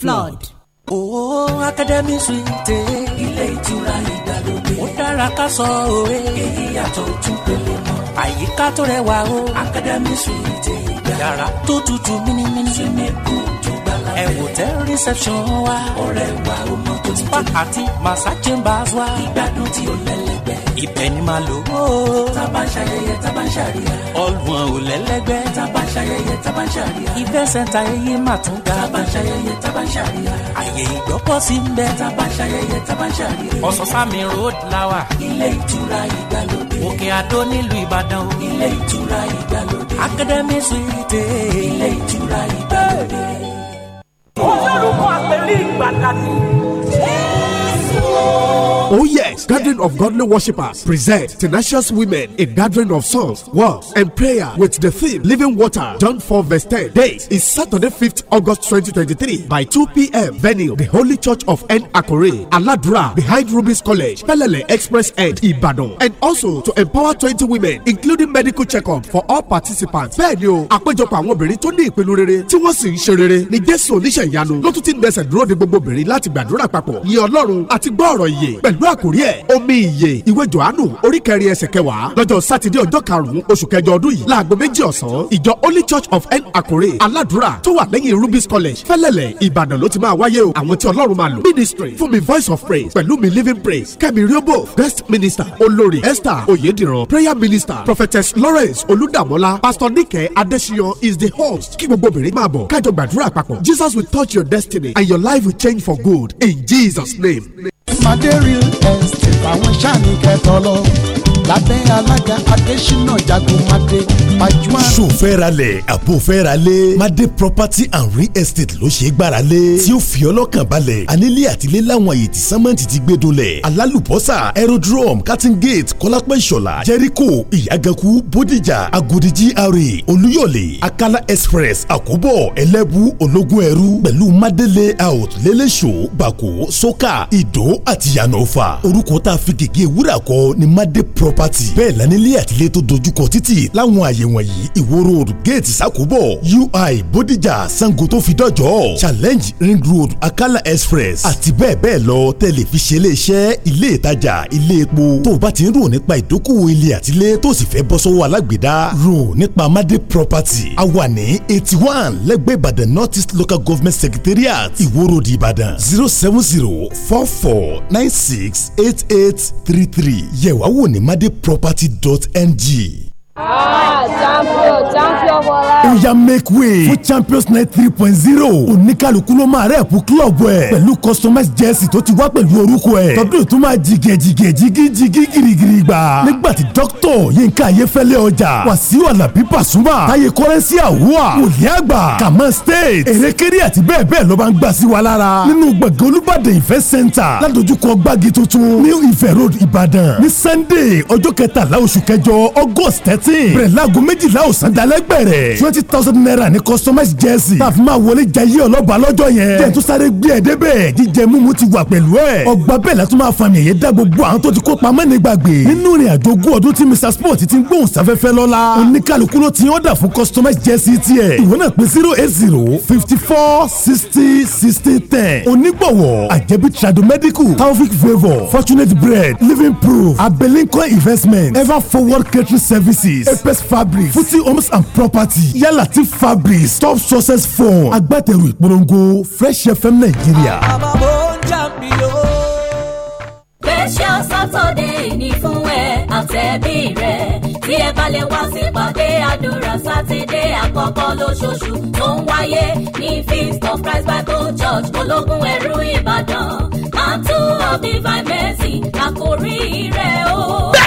flood. Oh, Academy Suite. Ilé ìtura ìgbàlódé. Ó dára ká sọ òwe. Èyí yàtọ̀ ojú pele mọ́. Àyíká tó rẹwà o. Academy Suite ìgbà. Yàrá tó tutù mímímí. Swimming pool tó gbàlá. Ẹ wò tẹ reception wa. Ọ̀rẹ́ wa ó mọ tó ti tó. Spa àti massage chambers wa. Ìgbádùn tí ó lẹ́lẹ̀ lẹ́lẹ́gbẹ́. ibẹ̀ ni màá lò ó. taba ń ṣayẹyẹ taba ń ṣàríyá. ọlùwọ̀n ò lẹ́lẹ́gbẹ́. taba ń ṣayẹyẹ taba ń ṣàríyá. ìfẹ́ sẹ́ńtà ẹyẹ máa tún ga. taba ń ṣayẹyẹ taba ń ṣàríyá. àyè ìgbọ́kọ̀ ń bẹ. taba ń ṣayẹyẹ taba ń ṣàríyá. ọ̀sánsámi road lawa. ilé ìtura ìgbàlódé. òkè àdó nílùú ìbàdàn o. ilé ìtura ìgbàlódé. academy suite. ilé ìtura ìgbàlódé. ó lórúkọ àpẹẹrẹ ìgbàdàn ni. jésù. Oh, oh yes, Gathering of Godly Worshippers present Tenacious Women in Gathering of Souls, Words and Prayer with the theme Living Water, John 4 verse 10. Date is Saturday 5th August 2023 by 2 p.m. Venue, the Holy Church of N. Akore, Aladra, behind Ruby's College, Pelele Express End, Ibadan. And also to empower 20 women including medical checkup for all participants. Venue: o, àpéjọpọ̀ àwọn obìnrin tó ní ìpinnu rere tí wọ́n sì ń ṣe rere ni Jésù oníṣẹ́ ìyanu ló tún ti ń gbẹ̀sẹ̀ dúró de pẹ̀lú àkórí ẹ̀ omi ìyè ìwé johannu orí kẹrin ẹsẹ̀ kẹwàá lọ́jọ́ sátidé ọjọ́ karùn-ún oṣù kẹjọ ọdún yìí láago méjì ọ̀sán ìjọ holy church of n akore aládùúrà tó wà lẹ́yìn rubis college fẹ́lẹ́lẹ̀ ìbàdàn ló ti máa wáyé o àwọn tí ọlọ́run máa lò ministry fún mi voice of praise pẹ̀lú mi living praise kẹ́mi riobo guest minister olórí esther oyediran prayer minister prophetess lawrence olùdàmọ́lá pastor nike adesiyan is the host kí gbogbo obìnrin máa bọ̀ kájọ gbàdúrà papọ̀ jesus will touch your destiny and your life will change for good in jesus name. Màdé real estate àwọn sáà ní kẹtọ lọ lábẹ́ alága adésínà jagun máde pajúmọ́. sòfẹ́ralẹ̀ àbòfẹ́ralẹ̀ máde property and real estate ló ṣe é gbáralẹ̀ tí ó fi ọlọ́kàn balẹ̀ anílé àtìlé láwọn àyè tí sẹ́mẹ́ǹtì ti gbé dolẹ̀ alálùbọ́sà aerodrome cutting gate kọ́lápẹ́ ìṣọ̀lá jẹ́ríkò ìyàgànkù bódìjà agodi gra olúyọ̀lé akala express àkóbọ̀ ẹlẹ́bù ológun ẹrú pẹ̀lú máde layout lẹ́lẹ́ṣọ́ bàkó sọ́kà ìdó àti yànnọ́fà orúkọ tá a fi gègé ni máde property property bẹ́ẹ̀ lánílé àtìlẹ́ tó dojúkọ títì láwọn àyè wọ̀nyí ìwó road gate sakobo ui bodijà sango tó fi dọ́jọ́ challenge ring road akala express àti bẹ́ẹ̀ bẹ́ẹ̀ lọ tẹlifíṣẹ́ iléeṣẹ́ ilé ìtajà ilé epo tó o bá ti ń rò nípa ìdókòwò ilé àtìlẹ́ tó sì fẹ́ bọ́ sọ́wọ́ alágbèédá rò nípa madi property a wà ní eighty one lẹ́gbẹ́ ìbàdàn north east local government secretariat ìwó road ìbàdàn zero seven zero four four nine six eight eight three three yẹ̀wá wò ní madi adproperty.ng Ah, champion, champion bọ́lá. ó yá make way fún champions night three point zero oníkàlùkù ló máa rẹ̀ fún club ẹ̀ pẹ̀lú customized jersey tó ti wá pẹ̀lú orúkọ ẹ̀ tọdún tó máa jìgẹ̀ jìgẹ̀ jìgí jìgí girigiri gbà nígbà tí dókítọ̀ yínká ayéfẹ́lẹ́ ọjà wàsíù alábí pàṣùmà táyé kọ́rẹ́nsì àwùwà wòlíì àgbà kàmá state èrèkéré àti bẹ́ẹ̀ bẹ́ẹ̀ ló máa ń gbà sí wa lára nínú gbọ̀ngàn olúbàdàn ìfẹ́ center ládojúkọ gbági tuntun ní ìfẹ́ road Ibadan. ní sunday ọjọ́ kẹtàlá oṣù kẹjọ august 30 thirteen bẹ̀rẹ̀ láago méjìlá ọ̀sán dalẹ́ gbẹ̀rẹ̀ twenty thousand naira ní customized jersey tàbí máa wọlé jẹ iye ọlọ́ba lọ́jọ́ yẹn jẹ́ tó sáré gbé ẹ̀ débẹ̀ jíjẹ mímu ti wà pẹ̀lú ẹ̀ ọgbà bẹ́ẹ̀ látún máa fami ẹ̀yẹ dá gbogbo àwọn tó ti kó pamọ́ ní gbàgbé nínú ìrìn àjò ogún ọdún tí Mr Sport ti ń gbóhùn sáfẹ́fẹ́ lọ́la oníkàlùkù ló ti yọ̀ǹda fún customized jersey tiẹ̀ ìwọ náà pé zero eight zero fifty four sixty sixty ten onígbọ̀wọ̀ àjẹbí trado medical taofik favour fortunate bread living proof abelinko investment ever forward catering services fabrics apes fabrics futi homes and property yálà ti fabrics top success fund agbátẹrù ìpolongo fresh fm nàìjíríà. àbábọ̀ ń jà mí o. precious saturday ní fún ẹ àtẹ̀bí rẹ̀ tí ẹ bá lè wá sípàdé àdúrà sátidé àkọ́kọ́ lóṣooṣù tó ń wáyé ní feast of christ bible church ológun ẹ̀rú ìbàdàn mantle of divine mercy làkórí rẹ̀ o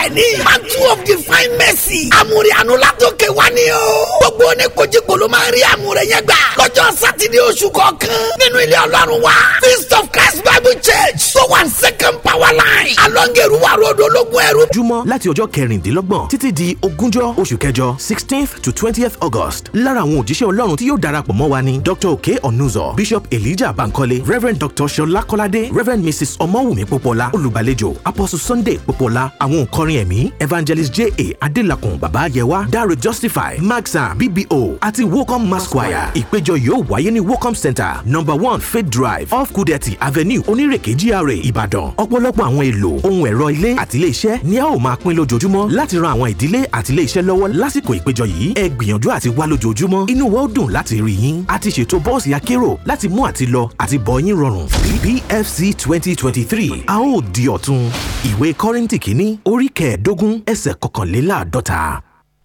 rẹ̀ ni. Mantle of divine mercy. Àmùrè àánú látòkè wá ni o. Gbogbo oníkojúkò ló máa rí àmùrè yẹn gbà. Lọ́jọ́ Sátidé oṣù kọ̀ọ̀kan nínú ilé Ọlọ́run wa. Feast of Christ Bible Church So one second power line. Alọ́ngẹ̀rù wà ròdò ológun ẹrú. Júmọ́ láti ọjọ́ kẹrìndínlọ́gbọ̀n títí di ogúnjọ́ oṣù kẹjọ sixteenth to twentieth August. Lára àwọn òjíṣẹ́ Ọlọ́run tí yóò darapọ̀ mọ́ wa ni Dr. Oke Onuzo, Bishop Elijah Bankole, Rev. Dr. Ṣọlá Kọ́ládé, Rev. Mrs. Ọmọwùmí Pópọ́lá, olùgbàlejò Apostle Sunday Popola. àwọn òǹkọrin ẹ̀mí evangelist j a adélakùn bàbá àyẹ̀wá dáre justify maxam bbo àti wocom mass choir ìpéjọ yóò wáyé ní wocom center number one faith drive off kudeti avenue onírèké gra ìbàdàn ọ̀pọ̀lọpọ̀ àwọn èlò ohun ẹ̀rọ ilé àti ilé iṣẹ́ ni a ó máa pín lójoojúmọ́ láti ran àwọn ìdílé àti ilé iṣẹ́ lọ́wọ́ lásìkò ìpéjọ yìí ẹ gbìyànjú àti wá lójoojúmọ́ inú wa ó dùn láti rí yín a ti ṣètò bọ́ọ̀sì akérò láti mú àti lọ àti bọ̀ yín rọrùn pfc twenty twenty three a ó di ọ̀tun ìwé kọ́rìntì kìíní orí kẹ mẹ́ẹ̀ẹ́dógún ẹsẹ̀ kọkànléláàádọ́ta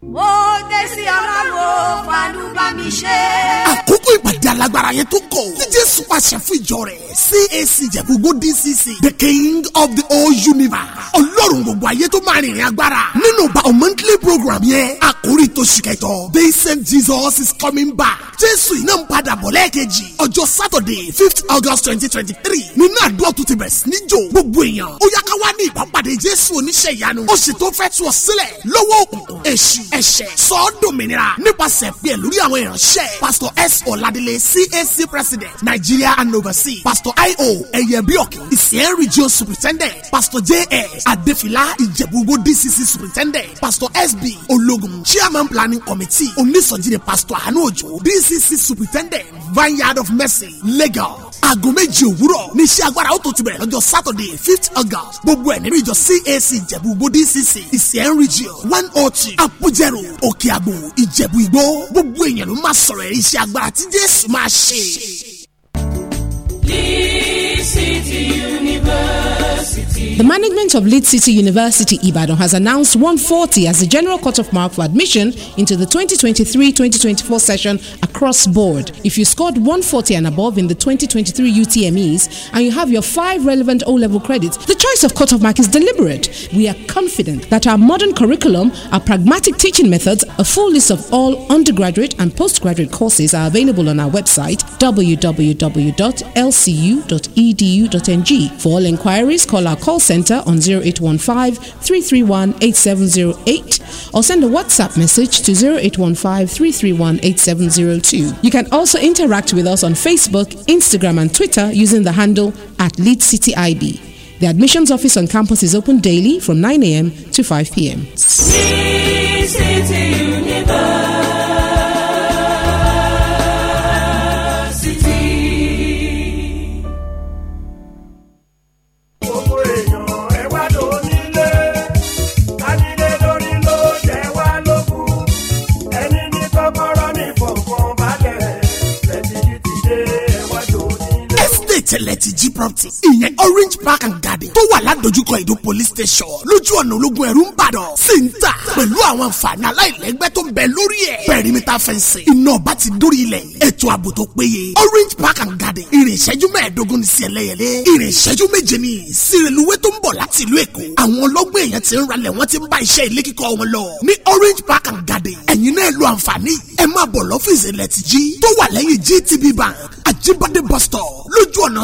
mo dé sí aláwo fanu bá mi ṣe. àkókò ìpàdé alágbára yẹn tó kọ̀. tí jésù pàṣẹ ìjọ rẹ̀ CAC jẹ̀gbogbo DCC the king of the whole universe. ọlọ́run gbogbo ayé tó máa rìnrìn agbára. nínú ba monthly program yẹn àkórí tó ṣì kẹjọ they say Jesus is coming back. jésù iná ń padà bọ̀ lẹ́ẹ̀kejì ọjọ́ saturday fifth august twenty twenty three nínú àdúrà tó ti bẹ̀rẹ̀ sí ní jò gbogbo èèyàn ó yá ká wá ní ìpàpàdé jésù oníṣẹ́ ìyanu ó sì tó fẹ́ tú ọ sílẹ̀ lọ́wọ́ òkùnkùn èṣù ẹ̀ṣẹ̀ sọ ọ́ dòmìnira nípasẹ̀ pé ẹ̀ lórí àwọn ìránṣẹ́ pastor s ọ̀ladélé cac president nigeria and overseas pastor io ẹ̀yẹ̀bíọ̀kì ìsìn region superintendent pastor js adéfìlà ìjẹ̀búgbó dcc superintendent pastor sb ológun chairman planning committee onísọ̀jìnì pastor àánú òjò dcc superintendent vineyard of mercy lagos aago méjì òwúrọ̀ ní iṣẹ́ agbára ó tó ti bẹ̀rẹ̀ lọ́jọ́ saturday fifth august gbogbo ẹ̀ nínú ìjọ cac ìjẹ̀búgbó dcc ìsìn region one oh two àpòjẹ ìdẹ̀rù òkè àgbò ìjẹ̀bú igbó gbogbo èèyàn ló máa sọ̀rọ̀ ẹ̀rí iṣẹ́ agbára tí jésù máa ṣe. Lead City Universe The management of Leeds City University Ibadan has announced 140 as the general cut-off mark for admission into the 2023-2024 session across board. If you scored 140 and above in the 2023 UTMEs and you have your five relevant O-level credits, the choice of cut-off mark is deliberate. We are confident that our modern curriculum, our pragmatic teaching methods, a full list of all undergraduate and postgraduate courses are available on our website www.lcu.edu.ng. For all inquiries, call our call center on 0815 331 8708 or send a WhatsApp message to 0815 331 8702. You can also interact with us on Facebook, Instagram, and Twitter using the handle at Lead City IB. The admissions office on campus is open daily from 9 a.m. to 5 p.m. tẹ̀lẹ̀ ti jí property ìyẹn orange park and garden tó wà ládojúkọ ìdó police station lójú ọ̀nà ológun ẹ̀rú ń bàdàn sí ń tà pẹ̀lú àwọn àǹfààní aláìlẹ́gbẹ́ tó ń bẹ lórí ẹ̀ pẹ̀rímítà fẹ́ǹsì iná ọba ti dórí ilẹ̀ ètò ààbò tó péye orange park and garden ìrìn ìṣẹ́jú mẹ́ẹ̀ẹ́dógún ní sí ẹlẹ́yẹlé ìrìn ìṣẹ́jú méje ní sírẹ̀lúwẹ́ tó ń bọ̀ láti ìlú èkó àwọn ọlọ́gbọ́n èèyàn ti ń ralẹ̀ wọ́n ti ń bá orange park and garden ẹ̀yin náà lo àǹfààní ẹ máa bọ̀ lọ́fíìsì lẹ́tìjí tó gtb bank àjíbádé bus stop lójú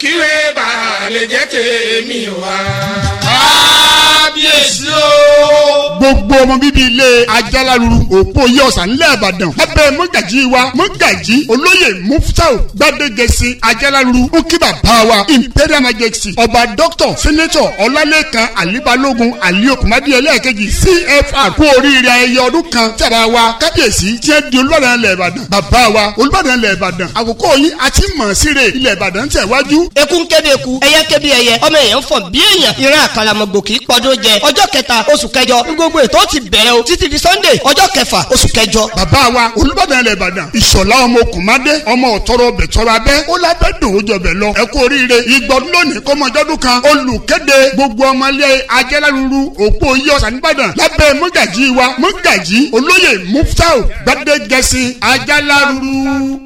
kíwé bàálẹ̀ jẹ́ tèmi wá kábíyèsí o. gbogbo ọmọ bíbí ilé ajalaluru òpó yé ọ̀sán nílẹ̀ ìbàdàn lábẹ́ mọ́gàjì wa mọ́gàjì olóyè mufutau gbàdégesi ajalaluru ukiba kí bàbá wa imperial majesty ọba doctor senator ọlálẹ́kan alibalogun aliyokumadi ẹlẹ́ẹ̀kejì cfr kú oríire ayẹyẹ ọdún kan tẹ̀ra wa kábíyèsí tí ẹ di olúbàdàn ilẹ̀ ìbàdàn bàbá wa olúbàdàn ilẹ̀ ìbàdàn àkókò yìí àti mọ̀ọ́sírè ilẹ̀ ìbàdàn tẹ̀wájú. ekun kéde eku ẹyẹ kéde ẹyẹ ọmọ èèyàn fọ bí èèyàn ìran àkàlàmọ̀gbò kì í jẹ ọjọ́ kẹta oṣù kẹjọ gbogbo ètò ti bẹ̀rẹ̀ o títí di sunday ọjọ́ kẹfà oṣù kẹjọ. bàbá wa olùbàdàn ilẹ̀ ìbàdàn ìṣọ̀lá ọmọ òkùnmádé ọmọ ọ̀tọ́rọ̀ bẹ̀tọ́rọ̀ abẹ́ ó lábẹ́ dòwó jọbẹ̀ lọ ẹ kú oríire ìgbọ̀dún lónìí kọ́mọjọ́dún kan olùkéde gbogbo ọmọlé ajẹ́lárúurú òpó iye ọ̀sán muftau gbadegẹ̀sìn ajẹ́lárúurú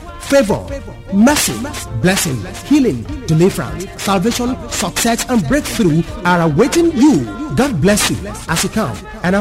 favor, mercy, blessing, healing, deliverance, salvation, success, and breakthrough are awaiting you. God bless you as you come and